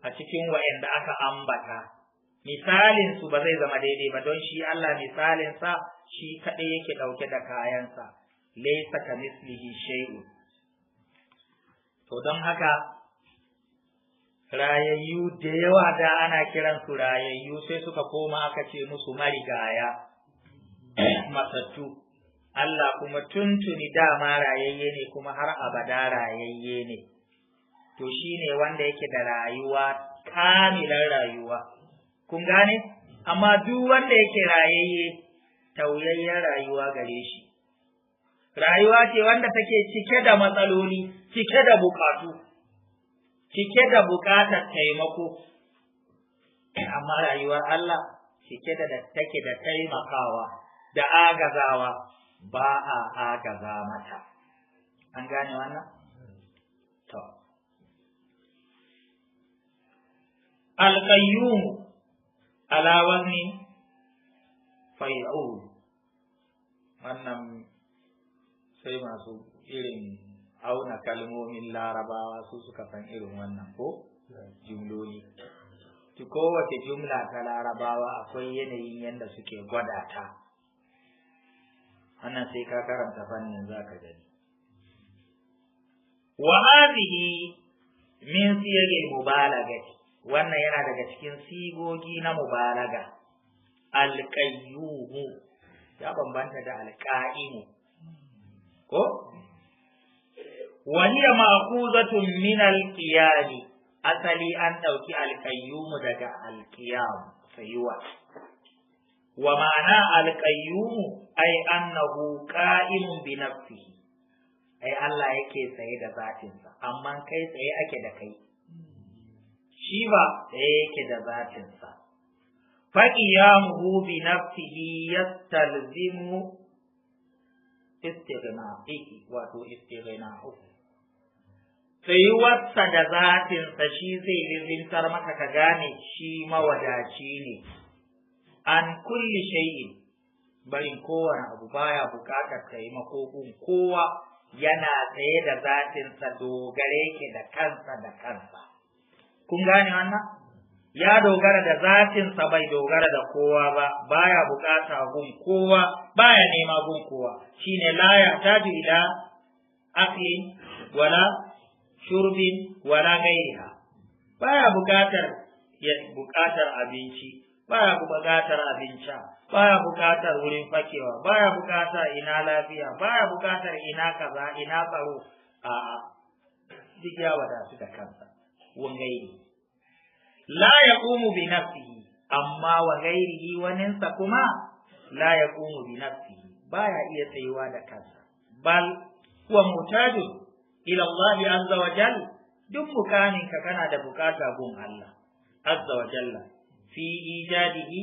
a cikin wa'anda aka ambata misalin su ba zai zama daidai ba don shi Allah misalin sa shi kaɗai yake ɗauke da kayansa laysa mislihi shay'un to don haka rayayyu da yawa da ana kiran su rayayyu sai suka koma aka ce musu marigaya matattu Allah kuma tuntuni dama rayayye ne kuma har abada rayayye ne to shine wanda yake da rayuwa kamilan rayuwa kun gane amma duk wanda yake rayayye tauyayyen rayuwa gare shi rayuwa ce wanda take cike da matsaloli cike da bukatu cike da bukatar taimako amma rayuwar Allah cike da take da taimakawa da agazawa ba a agaza mata an gane wannan to alqayyum ala wazni wannan sai masu irin auna kalmomin larabawa su suka san irin wannan ko jumloli ki kowace jumla ta larabawa akwai yanayin yadda suke gwada ta wannan sai ka karanta fannin za ka gani wa hadhihi min siyagil mubalaga wannan yana daga cikin sigogi na mubalaga alqayyumu ya bambanta da alqa'imu ko Wani ya ma'khuzatun min al-qiyam asali an dauki al-qayyum daga al-qiyam sayuwa wa ma'ana al-qayyum ay annahu qa'imun bi nafsihi ai Allah yake tsaye da zatinsa amma kai tsaye ake da kai shi ba tsaye yake da zatinsa faqiyamuhu bi nafsihi yastalzimu istighna'i wato istighna'u tsayuwarsa da sa shi zai lizintar maka ka gane shi mawadaci ne an kulli shay'in barin kowane abu baya buƙatar taimako kowa yana tsaye da sa dogare ke da kansa da kansa kun gane wannan ya dogara da zatinsa bai dogara da kowa ba baya bukata gun kowa baya nema gun kowa shine la yahtaju ila aqli wala shurbin wala gairiha baya bukatar ya bukatar abinci baya bukatar abinci baya bukatar wurin fakewa baya bukatar ina lafiya baya bukatar ina kaza ina tsaro a'a duk ya wadatu da kansa wangairi la yaqumu bi amma wa ghairihi waninsa kuma la yaqumu bi nafsihi baya iya tsayuwa da kansa bal huwa mutajun ila Allah azza wa jalla duk bukanin ka kana da bukata gun Allah azza wa jalla fi ijadihi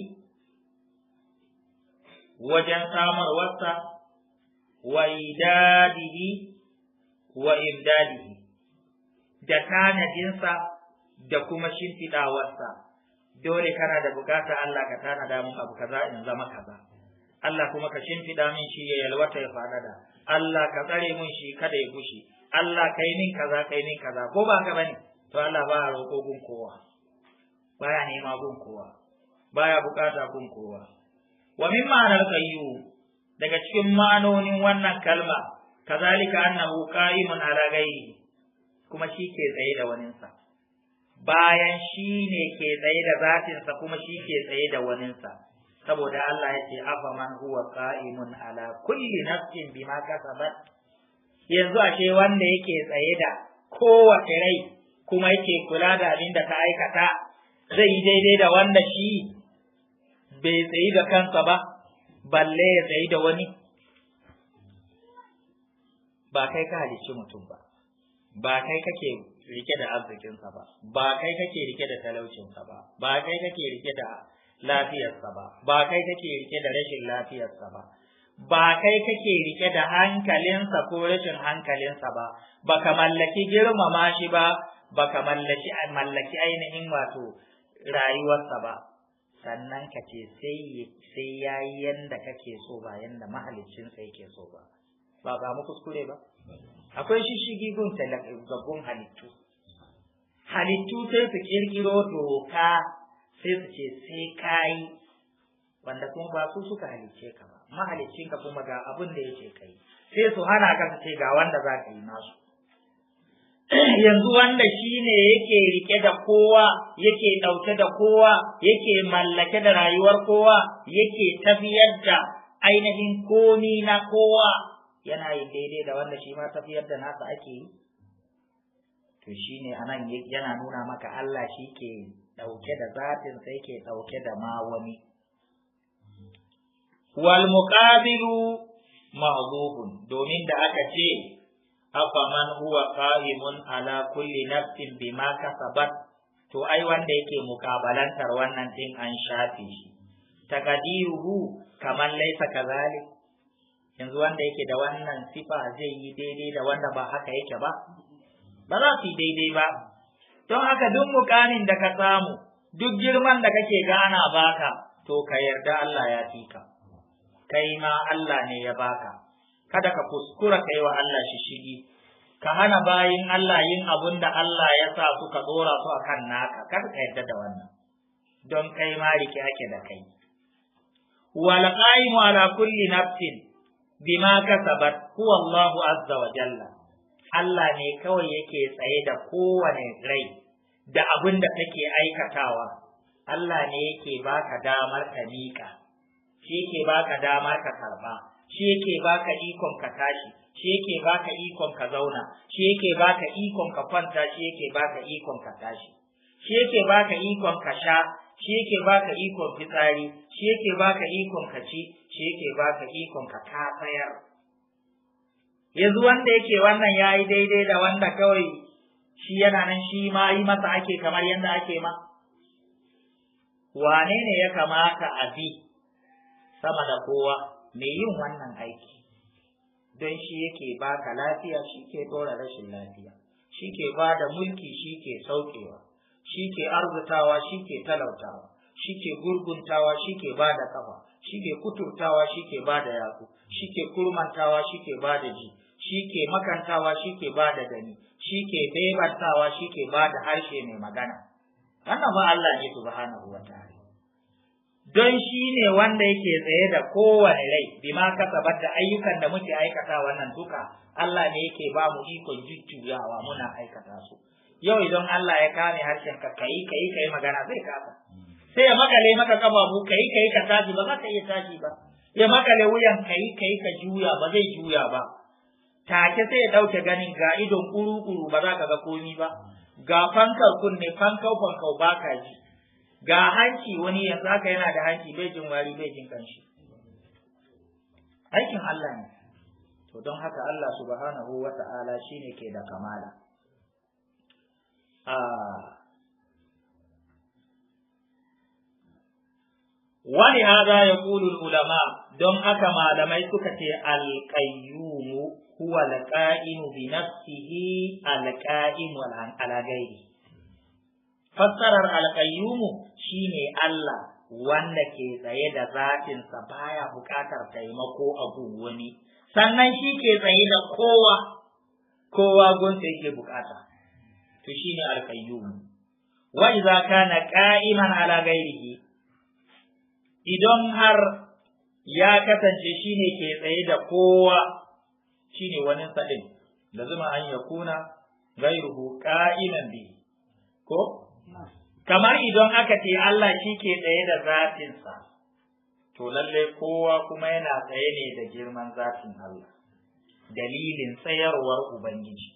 wajen samarwarsa wa idadihi wa imdadihi da tanadinsa da kuma shimfiɗawarsa dole kana da bukata Allah ka tanada mun abu kaza in zama kaza Allah kuma ka shimfiɗa min shi ya yalwata ya faɗaɗa Allah ka tsare mun shi kada ya gushi Allah kai min kaza kai min kaza ko ba ka bane to Allah ba roƙo gun kowa baya nema gun kowa baya bukata gun kowa wa min ma'anar kayyu? daga cikin ma'anonin wannan kalma kazalika annahu qa'imun ala ghairihi kuma shi ke tsaye da waninsa bayan shi ne ke tsaye da zafinsa kuma shi ke tsaye da waninsa saboda Allah ya ce afa man huwa qa'imun ala kulli nafsin bima kasabat yanzu ashe wanda yake tsaye da kowace rai kuma yake kula da abin da ta aikata zai yi daidai da wanda shi bai tsayi da kansa ba balle ya tsaye da wani ba kai ka halicci mutum ba ba kai kake rike da arzikinsa ba ba kai kake rike da talaucinsa ba ba kai kake rike da lafiyarsa ba ba kai kake rike da rashin lafiyarsa ba ba kai kake rike da hankalinsa ko rashin hankalinsa ba ba ka mallaki girmama shi ba ba ka mallaki mallaki ainihin wato rayuwarsa ba sannan ka ce sai sai yayi yadda kake so ba yanda mahaliccinsa yake so ba ba ga mu kuskure ba akwai shishigi gun gabbun halittu halittu sai su kirkiro doka sai su ce sai kayi wanda kuma ba su suka halicce ka ba halicce ka kuma ga abin da yake kai sai su hana ka su ce ga wanda za ka yi masu yanzu wanda shi ne yake rike da kowa yake ɗauke da kowa yake mallake da rayuwar kowa yake tafiyar da ainihin komi na kowa yana yin daidai da wanda shi ma tafiyar da nasa ake yi to shi ne anan yana nuna maka Allah shi ke ɗauke da zatin sai ke ɗauke da ma wani wal muqabilu domin da aka ce afaman huwa qa'imun ala kulli nafsin bima kasabat to ai wanda yake mukabalantar wannan din an shafe shi tagadiru kaman laysa kazalik yanzu wanda yake da wannan sifa zai yi daidai da wanda ba haka yake ba ba za su yi daidai ba don haka duk mukamin da ka samu duk girman da kake gana baka to ka yarda Allah ya fi ka kai ma Allah ne ya baka kada ka kuskura kai wa Allah shishigi ka hana bayin Allah yin abun da Allah ya sa suka dora su akan naka kar ka yarda da wannan don kai ma rike ake da kai wal qaimu ala kulli nafsin bima kasabat huwa Allahu azza wa jalla Allah ne kawai yake tsaye da kowane rai da abin da take aikatawa Allah ne yake baka damar ka miƙa shi yake baka damar ka karba shi yake baka ikon ka tashi shi yake baka ikon ka zauna shi yake baka ikon ka kwanta shi yake baka ikon ka tashi shi yake baka ikon ka sha shi yake baka ikon fitsari shi yake baka ikon ka ci shi yake baka ikon ka ka tsayar yanzu wanda yake wannan ya yi daidai da wanda kawai shi yana nan shi ma yi masa ake kamar yadda ake ma wane ne ya kamata a bi sama da kowa mai yin wannan aiki don shi yake baka lafiya shi ke dora rashin lafiya shi ke ba da mulki shi ke saukewa shi ke arzutawa shi ke talautawa shi ke gurguntawa shi ke ba da kafa shi ke kuturtawa shi ke ba da yatsu shi ke kurmantawa shi ke ba da ji shike makantawa shi ke ba da gani shike ke shike shi ba da harshe mai magana wannan ba Allah ne subhanahu wa ta'ala don shi ne wanda yake tsaye da kowane rai bima kasabar da ayyukan da muke aikata wannan duka Allah ne yake ba mu ikon jujjuyawa muna aikata su yau idan Allah ya kame harshen ka kai kai kai magana zai kasa sai ya makale maka kafafu kai kai ka tashi ba za ka iya tashi ba ya makale wuyan kai kai ka juya ba zai juya ba take sai ya dauke ganin ga idon kuru-kuru ba za ka ga komi ba ga fankar kunne fankau fankau ba ka ji ga hanci wani yanzu haka yana da hanci bai jin wari bai jin kanshi aikin Allah ne to don haka Allah subhanahu wata'ala shine ke da kamala ah. wani haza ya kulul ulama don haka malamai suka ce alƙayyumu huwa alƙa'inu bi nafsihi alƙa'inu ala gairi fassarar alƙayyumu shine Allah wanda ke tsaye da zatinsa baya buƙatar taimako a wani sannan shi ke tsaye da kowa kowa gunsa yake buƙata to shine alƙayyumu wa idza kana qa'iman ala ghairihi idan har ya kasance shi ne ke tsaye da kowa ne wani sadin da zuma an ya kuna gairuhu ka'inan bi ko kamar idan aka ce Allah shi ke tsaye da zatinsa to lalle kowa kuma yana tsaye ne da girman zatin Allah dalilin tsayarwar ubangiji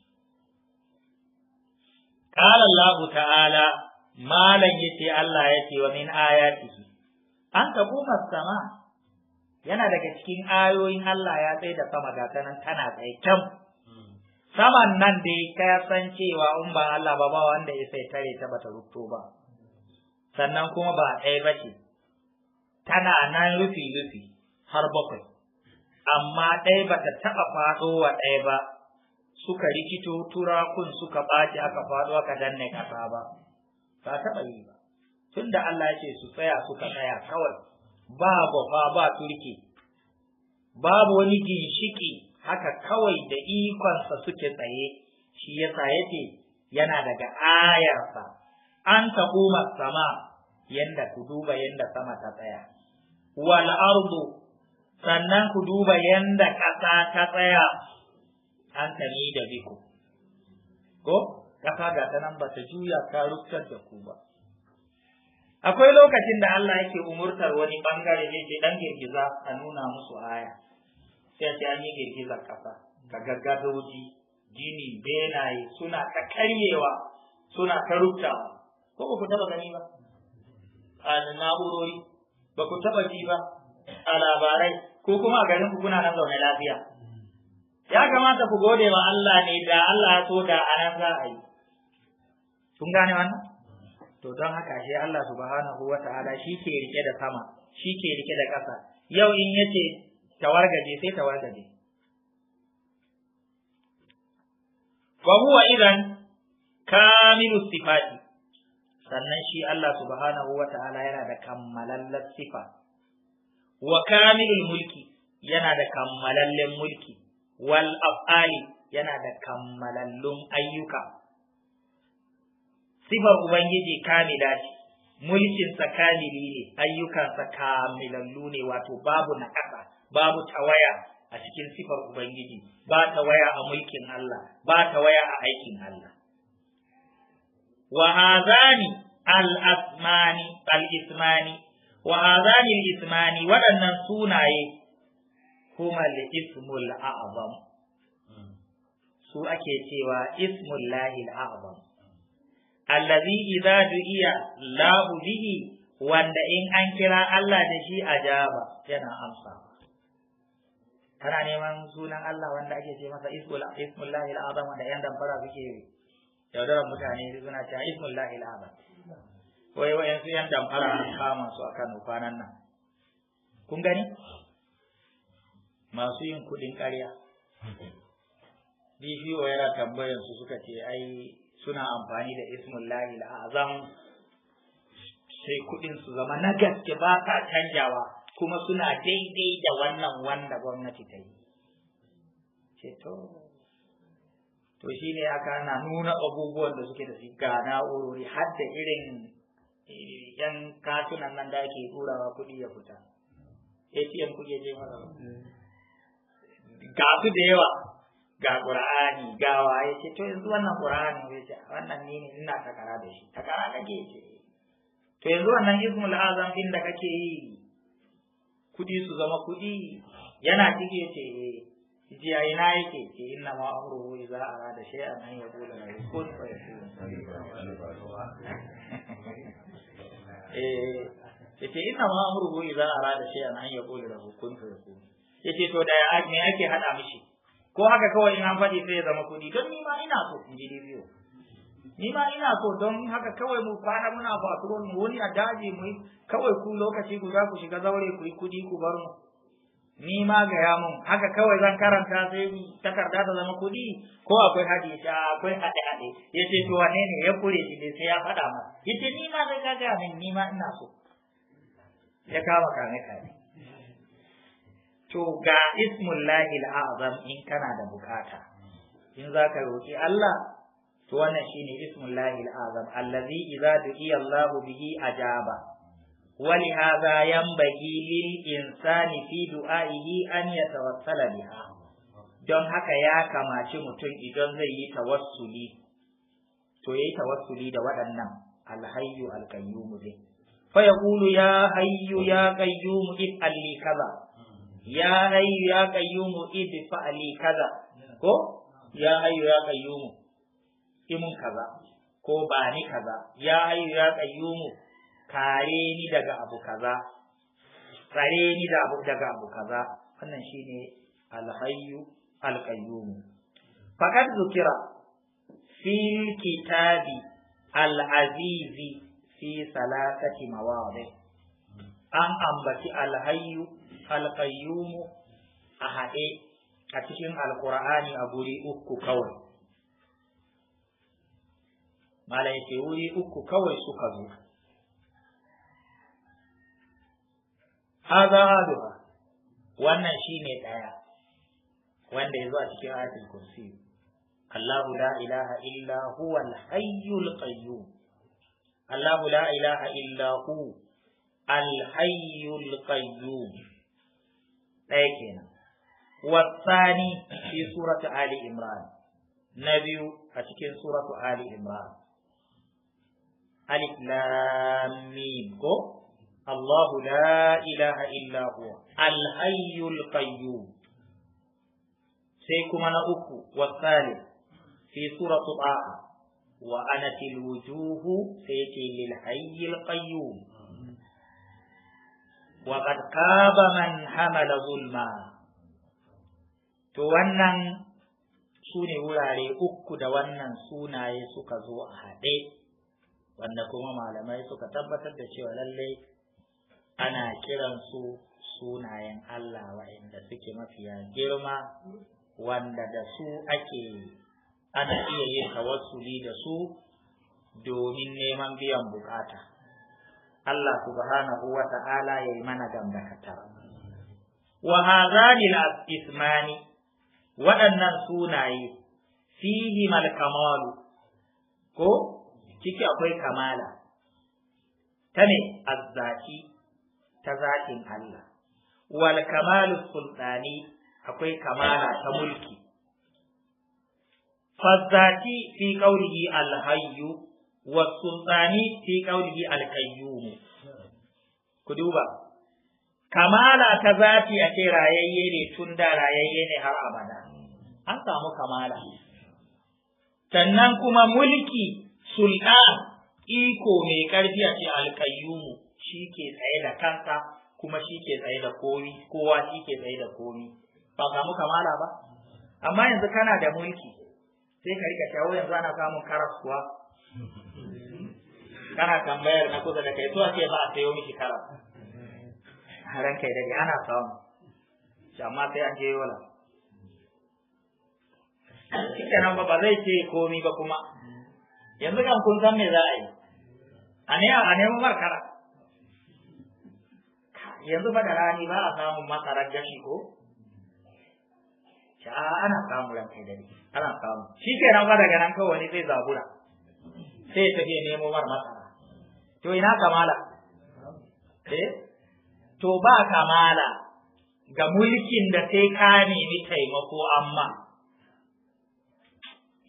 qala Allah ta'ala malan yace Allah yake wa min ayatihi an tabuka sama yana daga cikin ayoyin Allah ya tsaye da sama ga ta tana tsaye can saman nan da ka san cewa in ba Allah ba ba wanda ya sai tare ta bata rufto ba sannan kuma ba ɗaya ba ce tana nan rufi rufi har bakwai amma ɗaya ba ta taɓa faɗo wa ɗaya ba suka rikito turakun suka ɓaci aka faɗo aka danne ƙasa ba ba taɓa yi ba tunda Allah ce su tsaya suka tsaya kawai ba gwafa ba turke babu wani ginshiki haka kawai da ikonsa suke tsaye shi yasa yake yana daga ayarsa an taɓuma sama yanda ku duba yanda sama ta tsaya wal ardu sannan ku duba yanda ƙasa ta tsaya an tani da biku ko ƙasa ga ta nan ba ta juya ta rukkar da ku ba akwai lokacin da Allah yake umurtar wani bangare ne ce dan girgiza a nuna musu aya sai sai an yi girgizar kasa ga gaggadoji gini benaye suna ta karyewa suna ta rubtawa ko ba ku taba gani ba a na'urori ba ku taba ji ba a labarai ko kuma a garin ku kuna nan zaune lafiya ya kamata ku gode wa Allah ne da Allah ya so da anan za a yi kun gane wannan to don haka shi Allah subhanahu wa ta'ala shi ke rike da sama shi ke rike da ƙasa yau in yace tawargaje sai tawargaje wa huwa idan kamilu sifati sannan shi Allah subhanahu wa ta'ala yana da kammalallen sifa wa kamilul mulki yana da kammalallen mulki wal af'ali yana da kammalallun ayyuka sifar ubangiji kamila ce mulkinsa kamili ne ayyukansa kamilallu ne wato babu na ƙasa babu tawaya a cikin sifar ubangiji ba tawaya a mulkin Allah ba tawaya a aikin Allah wa hazani al-asmani al-ismani wa ismani waɗannan sunaye kuma ismul a'zam su ake cewa ismullahi lahil a'zam allazi idza du'iya la bihi wanda in an kira Allah da shi ajaba yana amsa kana neman sunan Allah wanda ake ce masa ismul ismullahi Azam, wanda yan damfara suke yaudarar mutane suna cewa ismullahi al'azam wai yan su yan damfara fara kama su akan Kano kwanan nan kun gani masu yin kudin ƙarya DPO yana tambayar su suka ce ai suna amfani da ismullahi azam sai kudin su zama na gaske ba sa canjawa kuma suna daidai da wannan wanda gwamnati ta yi ce to to shine aka na nuna abubuwan da suke da shi ga na'urori har da irin eh, yan kasunan nan da ake turawa kuɗi ya fita atm kuke je mara mm. ga su da yawa ga qur'ani ga waye ce to yanzu wannan qur'ani ne ce wannan ne ne ina takara da shi takara ke ce to yanzu wannan ismul azam din da kake yi kudi su zama kudi yana cike ce eh, ji ai na yake ce inna ma amruhu idza arada shay'an an yaqula lahu kun fayakun eh yace inna ma amruhu idza arada shay'an an yaqula lahu kun fayakun yace to da ya ake hada mishi ko haka kawai in an faɗi sai ya zama kuɗi don ni ma ina so in ji biyu ni ma ina so don haka kawai mu kwana muna faturol mu wani a daji mu kawai ku lokaci guda ku shiga zaure ku yi kuɗi ku bar mu ni ma ya mun haka kawai zan karanta sai takarda ta zama kudi? ko akwai haɗe shi akwai haɗe haɗe ya ce to wane ne ya kure shi ne sai ya faɗa ma yace ni ma zai gaya min ni ma ina so ya kama kame kame to ga ismullahi al'azam in kana da bukata in za ka roƙi Allah to wannan shine ismullahi al'azam allazi idza du'iya Allah bihi ajaba wa li hadha yanbaghi lil insani fi du'aihi an yatawassala biha don haka ya kamaci mutum idan zai yi tawassuli to yayi tawassuli da waɗannan alhayyu alqayyum din fa yaqulu ya hayyu ya qayyum if alli kaza ya hayu ya qayyumu idi fa'ali kaza ko ya hayu ya qayyumu imun kaza ko ba ni kaza ya hayu ya qayyumu kare ni daga abu kaza tsare ni da abu daga abu kaza wannan shine alhayyu alqayyum faqad zukira fi kitabi al-azizi fi salasati mawadi an ambaci alhayyu alƙayyumu a haɗe a cikin alƙur'ani a guri uku kawai mala yake wuri uku kawai suka zo haza aduha wannan shine ɗaya wanda ya zo a cikin ayatul kursi Allahu la ilaha illa hu al-hayyul ايكينا والثاني في سورة آل إمران نبي أشكين سورة آل إمران ألف لام الله لا إله إلا هو الحي القيوم سيكم أنا أكو والثالث في سورة طه وأنت الوجوه سيتي للحي القيوم وقد قاب من حمل ظلما to wannan su ne wurare uku da wannan sunaye suka zo a haɗe wanda kuma malamai suka tabbatar da cewa lallai ana kiran su sunayen Allah waɗanda suke mafiya girma wanda da su ake ana iya yin tawassuli da su domin neman biyan bukata Allah subhanahu wa ta'ala ya yi mana gamdakatar. Wa hazanil ismani waɗannan sunaye fihi mal kamalu ko ciki akwai kamala ta ne azzaki ta zakin Allah wal kamalu sultani akwai kamala ta mulki fazzaki fi qawlihi alhayyu hayyu wa sultani fi qawlihi al-qayyum ku duba kamala ta zafi a ce rayayye ne tun da rayayye ne har abada an samu kamala sannan kuma mulki sultan iko mai karfi a ce al-qayyum shi ke tsaye da kanta kuma shi ke tsaye da komi kowa shi ke tsaye da komi ba samu kamala ba amma yanzu kana da mulki sai ka rika shawo yanzu ana samun karas kana tambayar na kusa da kai to ake ba a sayo mishi karam ran kai dai ana samu amma sai an je wala kenan ba ba zai ce komi ba kuma yanzu kan kun san me za a yi a ne a nemo markara yanzu ba da rani ba a samun masarar gashi ko a ana samu ran kai dare ana samu shi kenan ba daga nan kawai wani zai zabura sai ya tafi nemo mar masara to ina kamala eh to ba kamala ga mulkin da sai ka nemi taimako amma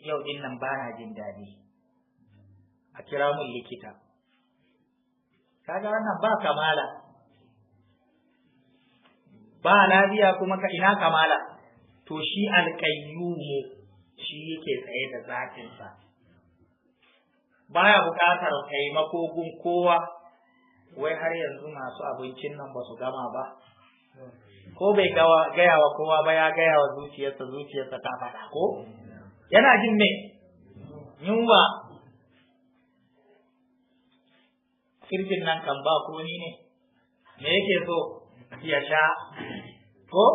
yau din nan ba na jin daɗi a kira mun likita kaga wannan ba kamala ba lafiya kuma ka ina kamala to shi alƙayyumu shi yake tsaye da zatinsa baya buƙatar taimako gun kowa wai har yanzu masu abincin nan ba su gama ba ko bai gaya wa kowa ba ya gaya wa zuciyarsa zuciyarsa ta faɗa ko yana jin me yunwa kirkin nan kan ba ko ni ne me yake so ya sha ko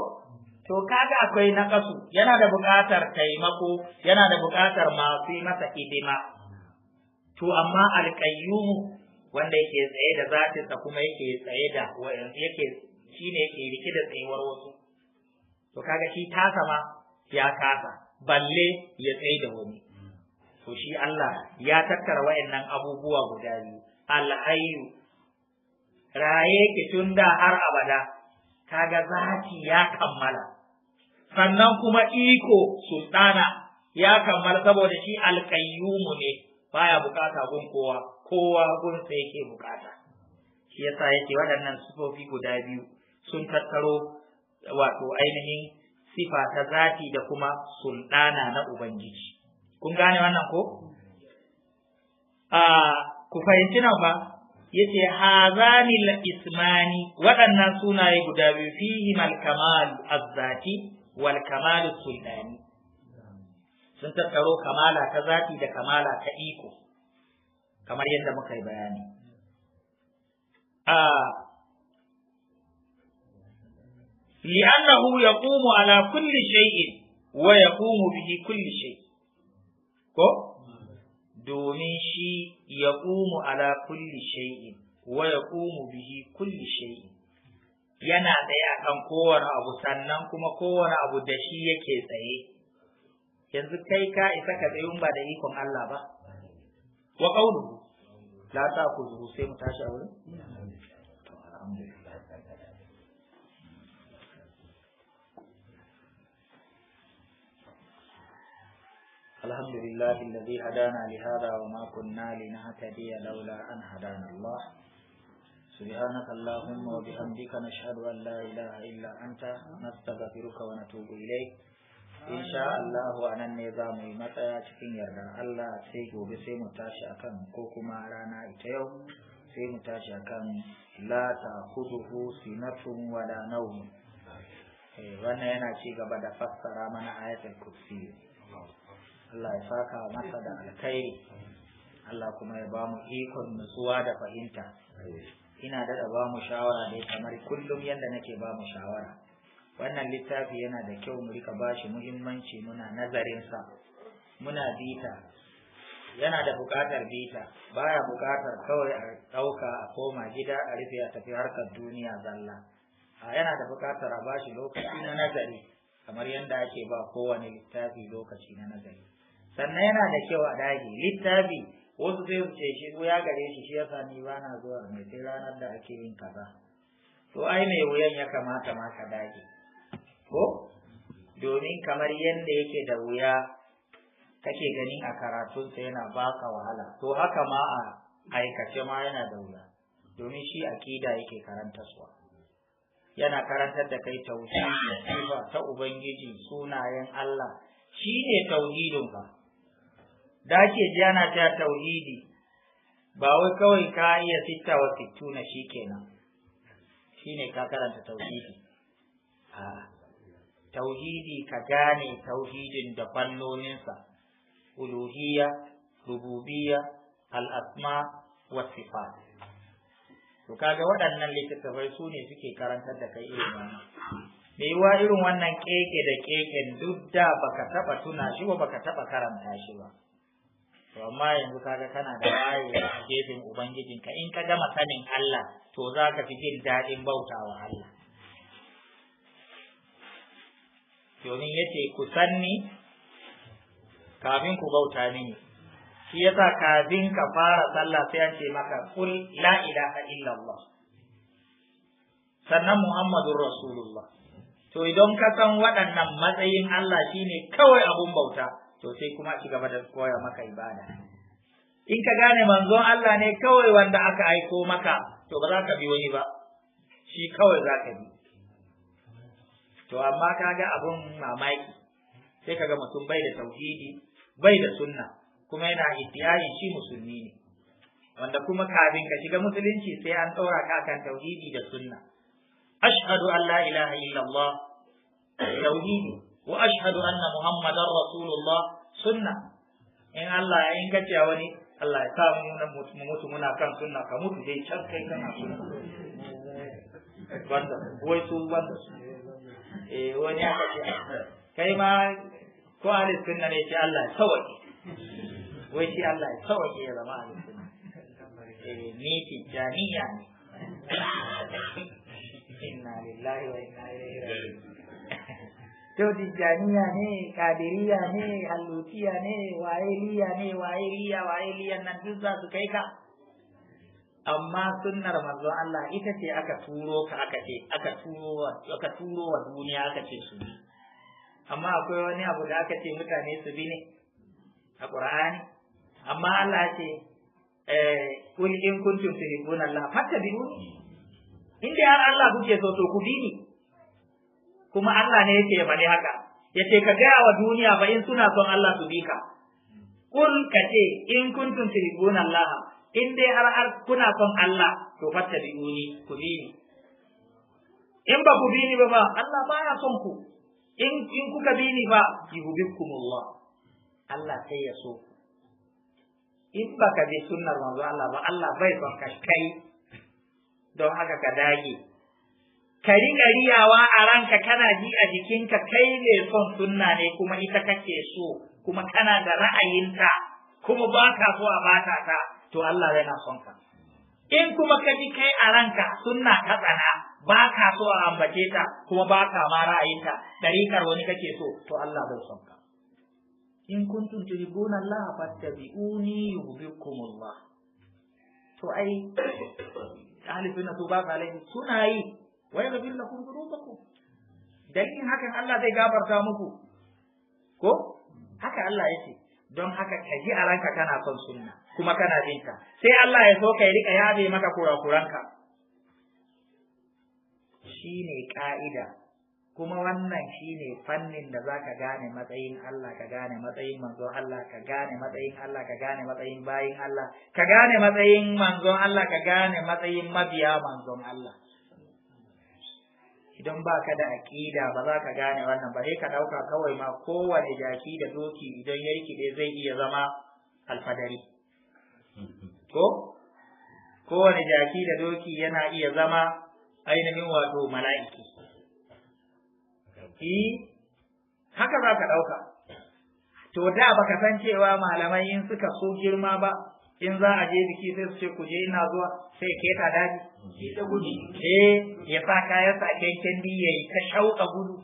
to kaga akwai nakasu yana da buƙatar taimako yana da buƙatar masu yi masa hidima to amma alƙayyumu wanda yake tsaye da zatinsa kuma yake tsaye da yake shi ne yake rike da tsayuwar wasu to kaga shi tasa ma ya kasa balle ya tsaye da wani to shi Allah ya tattara wayannan abubuwa guda biyu alhayyu raye ki tun har abada kaga zati ya kammala sannan kuma iko sultana ya kammala saboda shi alƙayyumu ne baya bukata gun kowa kowa gun sa yake bukata shi yasa yake waɗannan sifofi guda biyu sun tattaro wato ainihin sifa ta zati da kuma sulɗana na ubangiji kun gane wannan ko a ku fahimci nan ba yace hazanil ismani waɗannan sunaye guda biyu fihi malkamal kamal azzati wal kamal sultani sun tattaro kamala ta zati da kamala ta iko kamar yadda muka yi bayani li'annahu yaqumu ala kulli shay'in wa yaqumu bihi kulli shay ko domin shi yaqumu ala kulli shay'in wa yaqumu bihi kulli shay'in yana da akan kowane abu sannan kuma kowane abu da shi yake tsaye yanzu kai ka isa ka tsayun ba da ikon Allah ba wa qawluhu la ta'khudhuhu sai mu tashi a wurin الحمد لله الذي هدانا لهذا وما كنا لنهتدي لولا أن هدانا الله سبحانك اللهم وبحمدك نشهد أن لا إله إلا أنت نستغفرك ونتوب إليك insha Allah anan ne za mu yi matsaya cikin yardar Allah sai gobe sai mu tashi akan ko kuma rana ita yau sai mu tashi akan la kuduhu sinatun wala nawm eh, wannan yana ci gaba da fassara mana ayatul kursi Allah ya saka masa da alkhairi Allah kuma ya ba mu ikon nutsuwa da fahimta ina da ba mu shawara dai kamar kullum yadda nake ba mu shawara wannan littafi yana da kyau mu rika bashi muhimmanci muna nazarinsa muna bita yana da buƙatar bita baya buƙatar kawai a ɗauka a koma gida a rufe a tafi harkar duniya zalla a yana da buƙatar a bashi lokaci na nazari kamar yadda ake ba kowane littafi lokaci na nazari sannan yana da kyau a dage littafi wasu zai wuce shi ya gare shi shi ya ni ba na zuwa mai sai ranar da ake yin kaza to ai mai wuyan ya kamata ma ka dage ko domin kamar yadda yake da wuya kake gani a karatunsa yana baka wahala to haka ma a aikace ma yana da wuya domin shi akida yake karantaswa yana karantar da kai tauhidi sifa ta ubangiji sunayen Allah shine tauhidin ka da ke ji ana ta tauhidi ba wai kawai ka iya sitta wa sittuna shikenan shine ka karanta tauhidi a ah. tauhidi ka gane tauhidin da fannoninsa Uluhiya, rububiyya al'asma wa sifat to kaga waɗannan littattafai su ne suke karantar da kai irin wannan me yiwa irin wannan keke da keken duk da baka taba tuna shi ba baka taba karanta shi ba to amma yanzu kaga kana da waye a gefen ubangijinka in ka gama sanin Allah to zaka fi jin daɗin bautawa Allah domin yace ku sanni kafin ku bauta mini shi yasa kafin ka fara sallah sai an ce maka kul la ilaha illallah sannan muhammadur rasulullah to idan ka san waɗannan matsayin Allah shine kawai abun bauta to sai kuma ci gaba da koya maka ibada in ka gane manzon Allah ne kawai wanda aka aiko maka to ba za ka bi wani ba shi kawai za ka bi to amma kaga abun mamaki sai kaga mutum bai da tauhidi bai da sunna kuma yana iddiyayin shi musulmi ne wanda kuma kafin ka shiga musulunci sai an ɗora ka kan tauhidi da sunna ashhadu an la ilaha illallah tauhidi wa ashhadu anna muhammadar rasulullah sunna in Allah ya in kace wani Allah ya sa mu mutu muna kan sunna ka mutu dai can kai kana sunna wanda wai su wanda su eh wani aka ce kai ma ko ahli sunna ne ce Allah ya sauke wai shi Allah ya sauke ya zama ahli sunna eh ni tijaniya ne inna lillahi wa inna ilaihi raji'un to jami'a ne kadiriya ne allutiya ne wayeliya ne wayeliya wayeliyan nan duk za su kai ka amma sunnar manzo Allah ita ce aka turo ka aka ce aka turo wa aka turo wa duniya aka ce su bi amma akwai wani abu da aka ce mutane su bi ne a Qur'ani amma Allah ce eh kun in kuntum tuhibbuna Allah fattabi'uni in Inda har Allah kuke so to ku bi ni kuma Allah ne yake ya bani haka yace ka ga wa duniya ba in suna son Allah su bi ka ka kace in kuntum tuhibbuna Allah in dai har kuna son Allah to bi ni, ku bi ni in ba ku bi ni ba Allah ya son ku in in kuka bi ni ba yuhibbukumullah Allah sai ya so in ba ka bi sunnar manzo Allah ba Allah bai son ka kai don haka ka dage ka riƙa riyawa a ranka kana ji a jikinka kai ne son sunna ne kuma ita kake so kuma kana da ra'ayinta kuma ba ka so a bata ta to Allah yana son ka in kuma ka ji kai a ranka sunna ka tsana ba ka so a ambace ta kuma ba ka ma ra'ayinta dariƙar wani kake so to Allah bai son ka in kuntum tuhibuna Allah fattabi'uni Allah to ai ahli sunna su ba ka lai suna yi Wai wa yaghfir lakum dhunubakum dan in hakan Allah zai gafarta muku ko haka Allah yake don haka kaji a ranka kana son sunna kuma kana binta sai Allah ya so ka rika yabe maka kurakuranka shine ka'ida kuma wannan shine fannin da zaka gane matsayin Allah ka gane matsayin manzon Allah ka gane matsayin Allah ka gane matsayin bayin Allah ka gane matsayin manzon Allah ka gane matsayin mabiya manzon Allah idan ba ka da aƙida ba za ka gane wannan ba sai ka ɗauka kawai ma kowane jaki da doki idan ya rikide zai iya zama alfadari ko kowane jaki da doki yana iya zama ainihin wato mala'iki i e, haka za ka ɗauka to da baka san cewa malamai in suka so girma ba in za a je biki sai su ce ku je ina zuwa sai ke ta gudu. eh ya sa kayan sa kenkendi yayi ta shauka gudu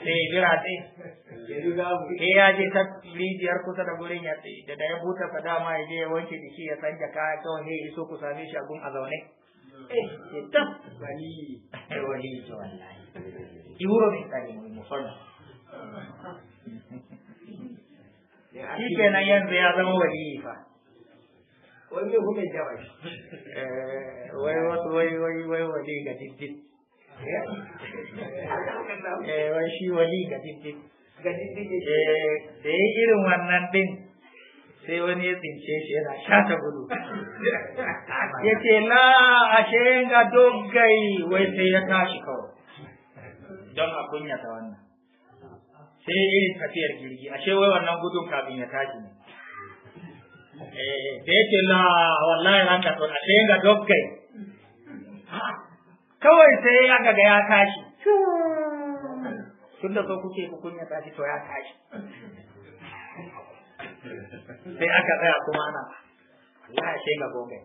sai jira sai eh ya je ta rijiyar kusa da gurin ya tsaye da ya buta sa dama ya je ya wanke jiki ya sanya kaya kawai ne iso ku same shi a gun a zaune eh tab wani eh, wani to wallahi iwuro ne kare mu musalla shi kenan yanzu ya zama waliyi fa wani jawashi wai eh, wai wai wai wali ga diddit eh wai shi wali ga titi. ga dindin eh, da ya irin wannan din sai wani ya tsince shi yana shata gudu ya ce la ashe ga doggai wai sai ya tashi kawai don a kunyata wannan sai irin tafiyar jirgi ashe wai wannan gudun kafin ya tashi ne eh, da ya ce la wallahi ranka to ashe ga doggai kawai sai ya ga ya tashi tun da so kuke hukunya tashi to ya tashi sai aka tsaya kuma ana ya shi ga gobe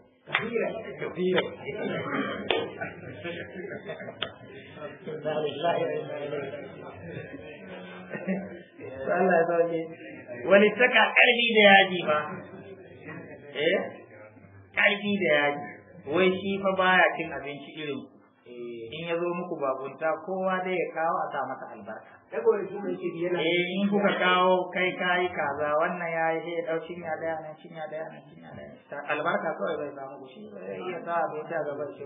wani saka ƙarfi da yaji ba eh? ƙarfi da yaji wai shi fa baya cin abinci irin Eh. in ya zo muku babunta kowa dai ya kawo a sa masa albarka eh in kuka kawo kai kayi kaza wannan ya yi ya eh, dau cinya daya nan cinya daya nan cinya daya albarka kawai bai samu ku shi zai iya sa abinci a gaban shi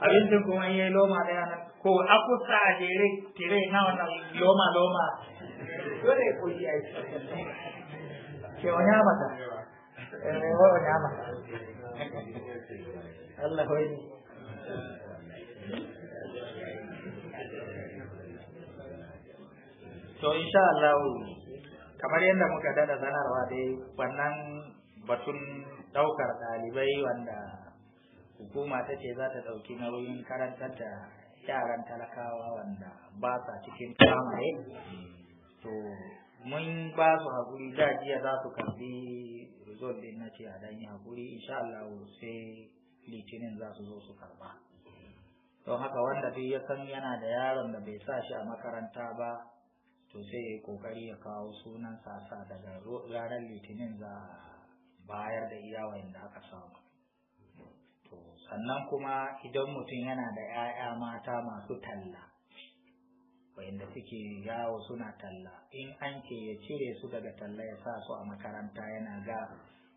abincin kuma in yayi loma daya nan ko akusa a jere tire na wannan loma loma dole ko shi ai ke wani mata eh wani mata Allah hoyi to insha Allah kamar yadda muka dada sanarwa dai wannan batun daukar ɗalibai wanda hukuma ta ce za ta ɗauki nauyin karantar da yaran talakawa wanda ba sa cikin kamaye to mun ba su haƙuri da jiya za su karbi result din na ce a dan yi haƙuri insha Allah sai litinin za su zo su karba don haka wanda duk ya san yana da yaron da bai sa shi a makaranta ba to sai ya kokari ya kawo sunan sasa daga ranar litinin za a bayar da iya da aka samu to sannan kuma idan mutum yana da 'ya'ya mata masu talla wayanda suke yawo suna talla in an ke ya cire su daga talla ya sa su a makaranta yana ga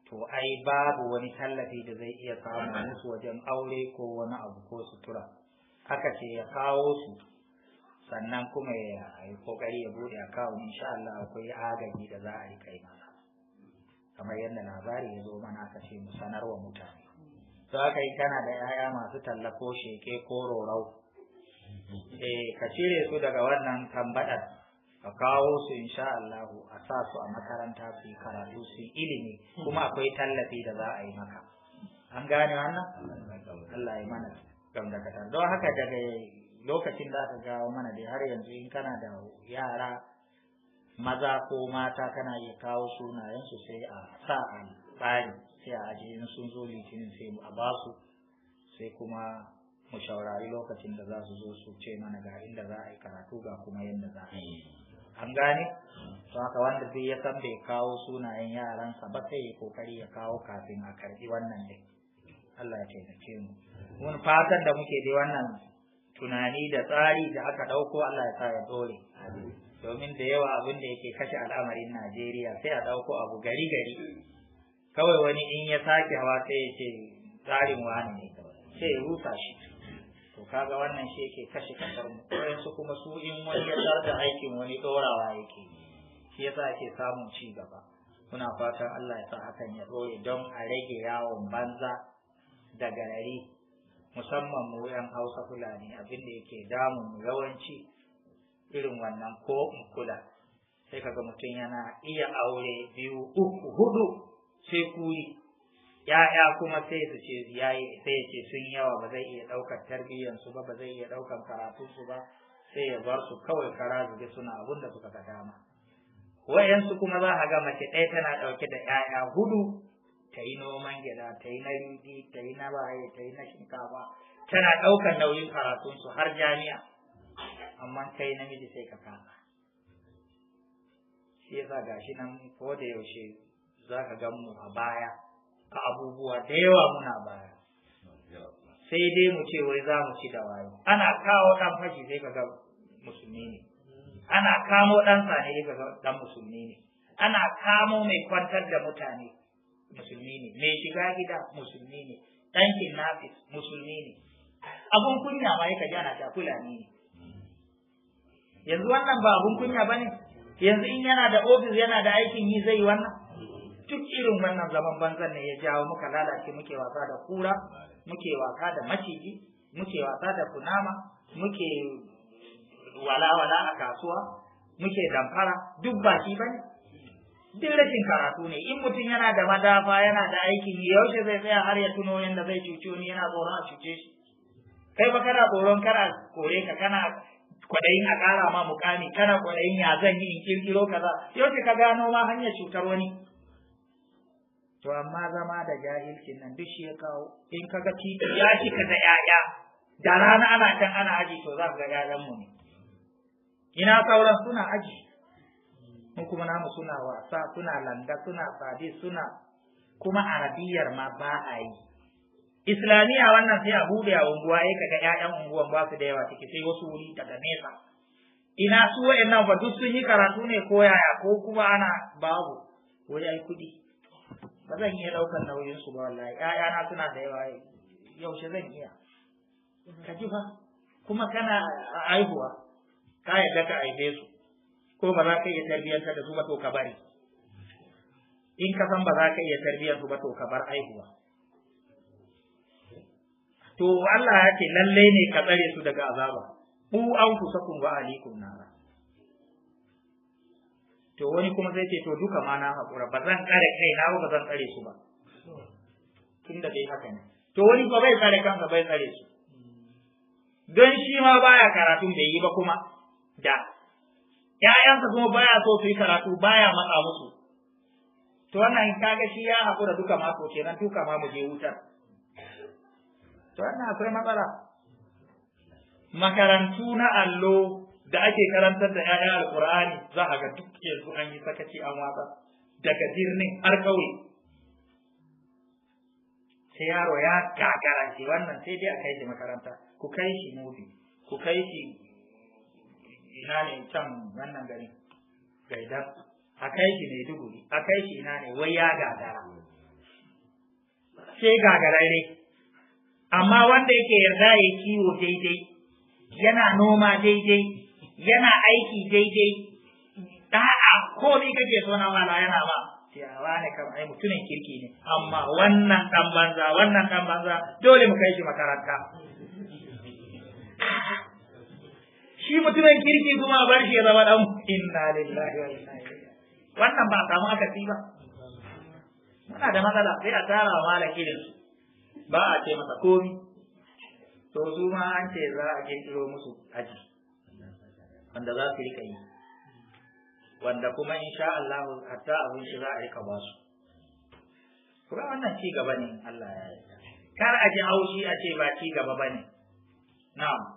to ai babu wani tallafi da zai iya samu musu wajen aure ko wani abu ko sutura aka ce ya kawo su sannan kuma ya yi kokari ya bude akawun insha Allah akwai agaji da za a yi kai masa kamar yadda labari ya zo mana aka ce mu sanarwa mutane to aka yi kana da yaya masu talla ko sheke ko rorau eh ka cire su daga wannan tambadar ka kawo su insha Allah a sa su a makaranta su yi karatu su yi ilimi kuma akwai tallafi da za a yi maka an gane wannan Allah ya mana don haka daga lokacin da aka gawo mana dai har yanzu in kana da yara maza ko mata kana iya kawo sunayensu sai a sa a tsari sai a ajiye in sun zo litinin sai a basu sai kuma mu shaurari lokacin da za su zo su ce mana ga inda za a yi karatu ga kuma yadda za a yi an gane to haka wanda zai ya san bai kawo sunayen yaransa ba sai ya kokari ya kawo kafin a karbi wannan dai? Allah ya taimake mu mun fatan da muke dai wannan tunani da tsari da aka ɗauko Allah ya sa ya dore domin da yawa abin da yake kashe al'amarin Najeriya sai a ɗauko abu gari gari kawai wani in ya sake hawa sai ya ce tsarin wani ne sai ya rusa shi to kaga wannan shi yake kashe kasar mu su kuma su in wani ya tsada aikin wani dorawa yake shi yasa ake samun ci gaba muna fatan Allah ya sa hakan ya dore don a rage yawon banza da garari musamman mu yan hausa fulani abin da yake damun yawanci irin wannan ko in kula sai kaga mutum yana iya aure biyu uku hudu sai kuri ya'ya kuma sai su ce yayi sai ce sun yawa ba zai iya daukar tarbiyyansu ba ba zai iya daukar karatunsu ba sai ya bar su kawai kara ga suna abun da suka ga dama wayansu kuma za a ga mace ɗaya tana ɗauke da 'ya'ya hudu ta yi noman gida ta yi na rigi, ta yi na baye ta yi na shinkafa tana ɗaukar nauyin karatunsu har jami'a amma yi namiji sai ka kama shi yasa gashi nan ko da yaushe za ka gan mu a baya a abubuwa da yawa muna baya sai dai mu ce wai za mu ci da wayo ana kawo ɗan fashi sai ka ga musulmi ne ana kamo ɗan sane sai ka ga ɗan musulmi ne ana kamo mai kwantar da mutane musulmi ne mai shiga gida musulmi ne dan kinnafis musulmi ne abun kunya ma yake jana ta fulani ne yanzu wannan ba abun kunya bane yanzu in yana da ofis yana da aikin yi zai wannan duk irin wannan zaman banzan ne ya jawo muka lalace muke wasa da kura muke wasa da maciji muke wasa da kunama muke walawala a kasuwa muke damfara duk baki bane duk rashin karatu ne in mutum yana da madafa yana da aikin yaushe zai tsaya har ya tuno yadda zai cuce ni yana tsoron a cuce shi kai ba kana tsoron kana kore ka kana kwadayin a kara ma mukami kana kwadayin ya zan yi in kirkiro kaza yaushe ka gano ma hanyar cutar wani to amma zama da jahilcin nan duk shi ya kawo in ka ga titi ya cika da 'ya'ya da rana ana can ana aji to za ka ga 'ya'yan mu ne ina sauran suna aji in kuma namu suna wasa suna landa, suna sadi suna kuma arabiyar ma ba a yi Islamiya wannan sai a buɗe a unguwa ya kaga ƴaƴan unguwan ba su da yawa ciki sai wasu wuri daga nesa ina su wa'annan ba duk sun yi karatu ne ko yaya ko kuma ana babu wuri ai kuɗi ba zan iya ɗaukar nauyin su ba wallahi ƴaƴana suna da yawa yaushe zan iya ka ji fa kuma kana aihuwa ka yadda ka aihe su ko ba za ka iya tarbiyyantar da su ba to ka bari in ka san ba za ka iya tarbiyyar su ba to ka bar aihuwa to Allah ya ce lalle ne ka tsare su daga azaba ku an ku sakun wa alikum nara to wani kuma sai ce to duka ma na hakura ba zan tsare kai na ba zan tsare su ba tun da dai haka ne to wani ba bai tsare kansa bai tsare su don shi ma baya karatun bai yi ba kuma da ‘ya’yansa kuma baya so su yi karatu baya matsa musu to wannan kaga shi ya haƙura duka mako kenan duka ma mu je wutar to wannan akwai matsala makarantu na allo da ake karantar da ‘ya’ya alƙur'ani za a ga duk yanzu an yi sakaci an watsa daga birnin har ƙauye sai yaro ya gagara wannan sai dai a kai shi makaranta ku kai shi mubi ku kai shi ina ne can wannan garin gaidar a kai shi ne duguri a kai shi ina ne wai ya gagara sai gagararre amma wanda yake yarda ya kiwo daidai yana noma daidai yana aiki daidai da'a ko ni kake so na wala yana ba yawa ne ai mutumin kirki ne amma wannan dan banza wannan dan banza dole mu kai shi makaranta shi mutumin kirki kuma bar shi ya zama dan inna lillahi wa inna ilaihi wannan ba samu akasi ba muna da matsala sai a tara wa malaki da su ba a ce masa komi to su ma an ce za a kiro musu aji wanda za su rika yi wanda kuma insha Allah hatta abin shi za a rika ba su kuma wannan ci gaba ne Allah ya yi kar a ji haushi a ce ba ci gaba ba ne na'am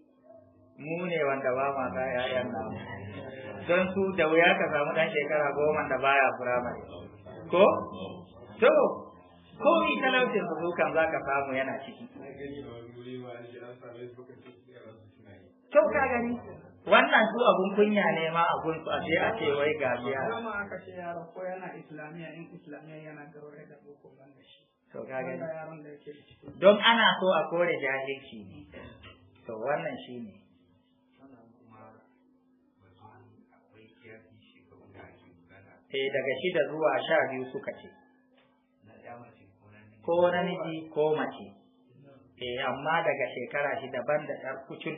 mu ne wanda ba ma ga ƴaƴan nan don su da wuya ka samu dan shekara goma da baya firamare ko to ko ni talaucin su kan za ka samu yana ciki to ka gani wannan su abun kunya ne ma a gunsu a ce a ce wai ga biya ko ma aka ce yaro ko yana islamiya in islamiya yana gaure da boko ban da shi to ka gani don ana so a kore jahilci ne to wannan shine eh daga shida zuwa sha biyu suka ce ko namiji ko mace eh amma daga shekara shida da ɗan kucul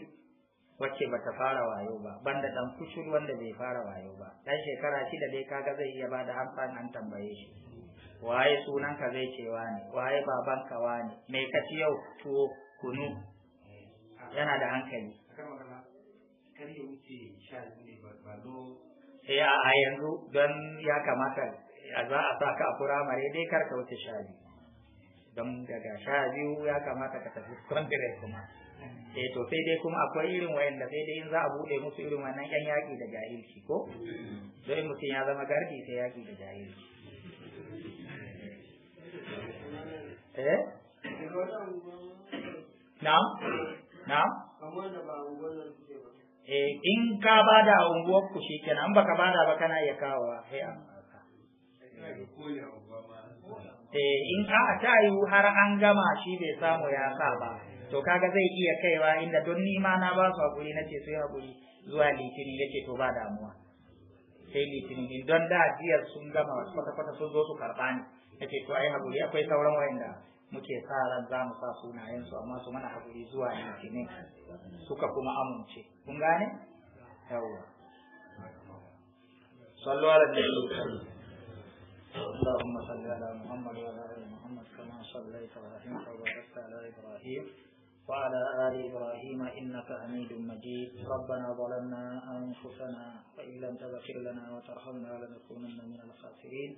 wacce bata fara wayo ba Ban da ɗan kucul wanda bai fara wayo ba ɗan shekara shida dai kaga zai iya ba da amfan an tambaye shi waye sunanka zai ce ne? waye babanka ne? me ka ci yau tuwo kunu yana da hankali sai a yanzu don ya kamata za a sa ka a mare dai kar ka wuce sha biyu don daga sha biyu ya kamata ka tafi kwangire kuma eh to sai dai kuma akwai irin wayanda sai dai in za a bude musu irin wannan yan yaki da jahilci ko dole mutum ya zama gardi sai yaki da jahilci eh na na amma da ba eh in ka bada a unguwar ku shikenan in baka bada ba kana iya kawo sai a maka eh in a ta yi har an gama shi bai samu ya sa ba to kaga zai iya kaiwa inda don ni ma na ba su hakuri nace sai hakuri zuwa litinin yake to ba damuwa sai litinin in don da jiya sun gama kwata-kwata sun zo su karɓa ni nake to ai hakuri akwai sauran wayanda muke sa ran za mu sa sunayensu amma su mana haƙuri zuwa litinin suka kuma amince kun gane yawwa sallu ala nabi وعلى آل إبراهيم إنك حميد مجيد ربنا ظلمنا أنفسنا فإن لم تغفر لنا وترحمنا لنكونن من الخاسرين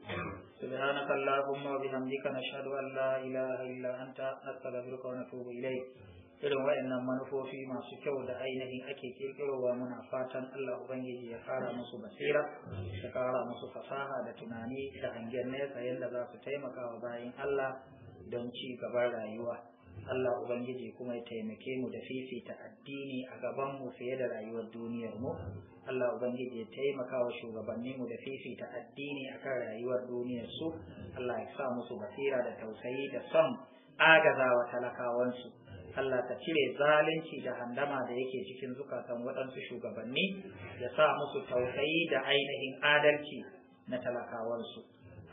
سبحانك اللهم وبحمدك نشهد أن لا إله إلا أنت نستغفرك ونتوب إليك irin waɗannan manufofi masu kyau da ainihin ake kirkirowa muna fatan Allah Ubangiji ya kara musu basira ya kara musu fasaha da tunani da hangen nesa yadda za su taimaka wa bayan Allah don ci gaban rayuwa Allah Ubangiji kuma ya taimake mu da fifita addini a gaban mu fiye da rayuwar duniyar mu Allah Ubangiji ya taimaka wa shugabanni mu da fifita addini a kan rayuwar duniyar su Allah ya sa musu basira da tausayi da son agazawa talakawansu Allah ta cire zalunci da handama da yake cikin zukatan waɗansu shugabanni ya sa musu tausayi da ainihin adalci na talakawansu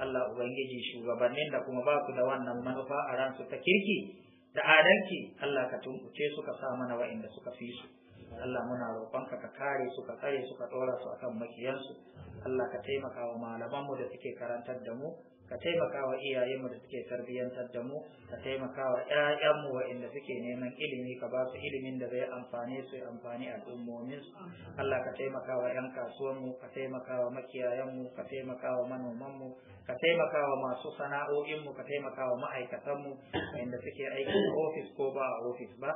Allah Ubangiji shugabannin da kuma ba ku da wannan manufa a ransu ta kirki da adalci Allah ka tumbuce su ka sa mana wa'inda suka fi su Allah muna roƙonka ka kare su ka tsare su ka ɗora su akan makiyansu Allah ka taimaka wa malamanmu da suke karantar da mu ka taimaka wa iyayenmu da suke tarbiyyantar da mu ka taimaka wa ƴaƴanmu waɗanda suke neman ilimi ka ba su ilimin da zai amfane su ya amfani al'ummomin su Allah ka taimaka wa ƴan kasuwanmu ka taimaka wa makiyayanmu ka taimaka wa manomanmu ka taimaka wa masu sana'o'inmu ka taimaka wa ma'aikatanmu waɗanda suke aiki a ofis ko ba a ofis ba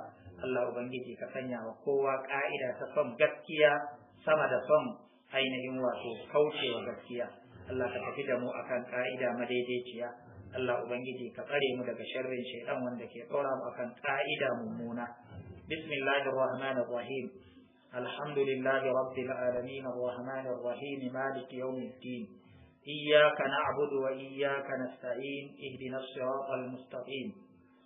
Allah ubangiji ka sanya wa kowa ka'ida ta son gaskiya sama da son ainihin wato kaucewa gaskiya Allah ka tafi da mu akan ƙa'ida madaidaiciya Allah ubangiji ka tsare mu daga sharrin shaitan wanda ke tsora mu akan ƙa'ida mummuna bismillahir alhamdulillahi rabbil alamin arrahmanir rahim maliki yawmiddin iyyaka na'budu wa iyyaka nasta'in ihdinas siratal mustaqim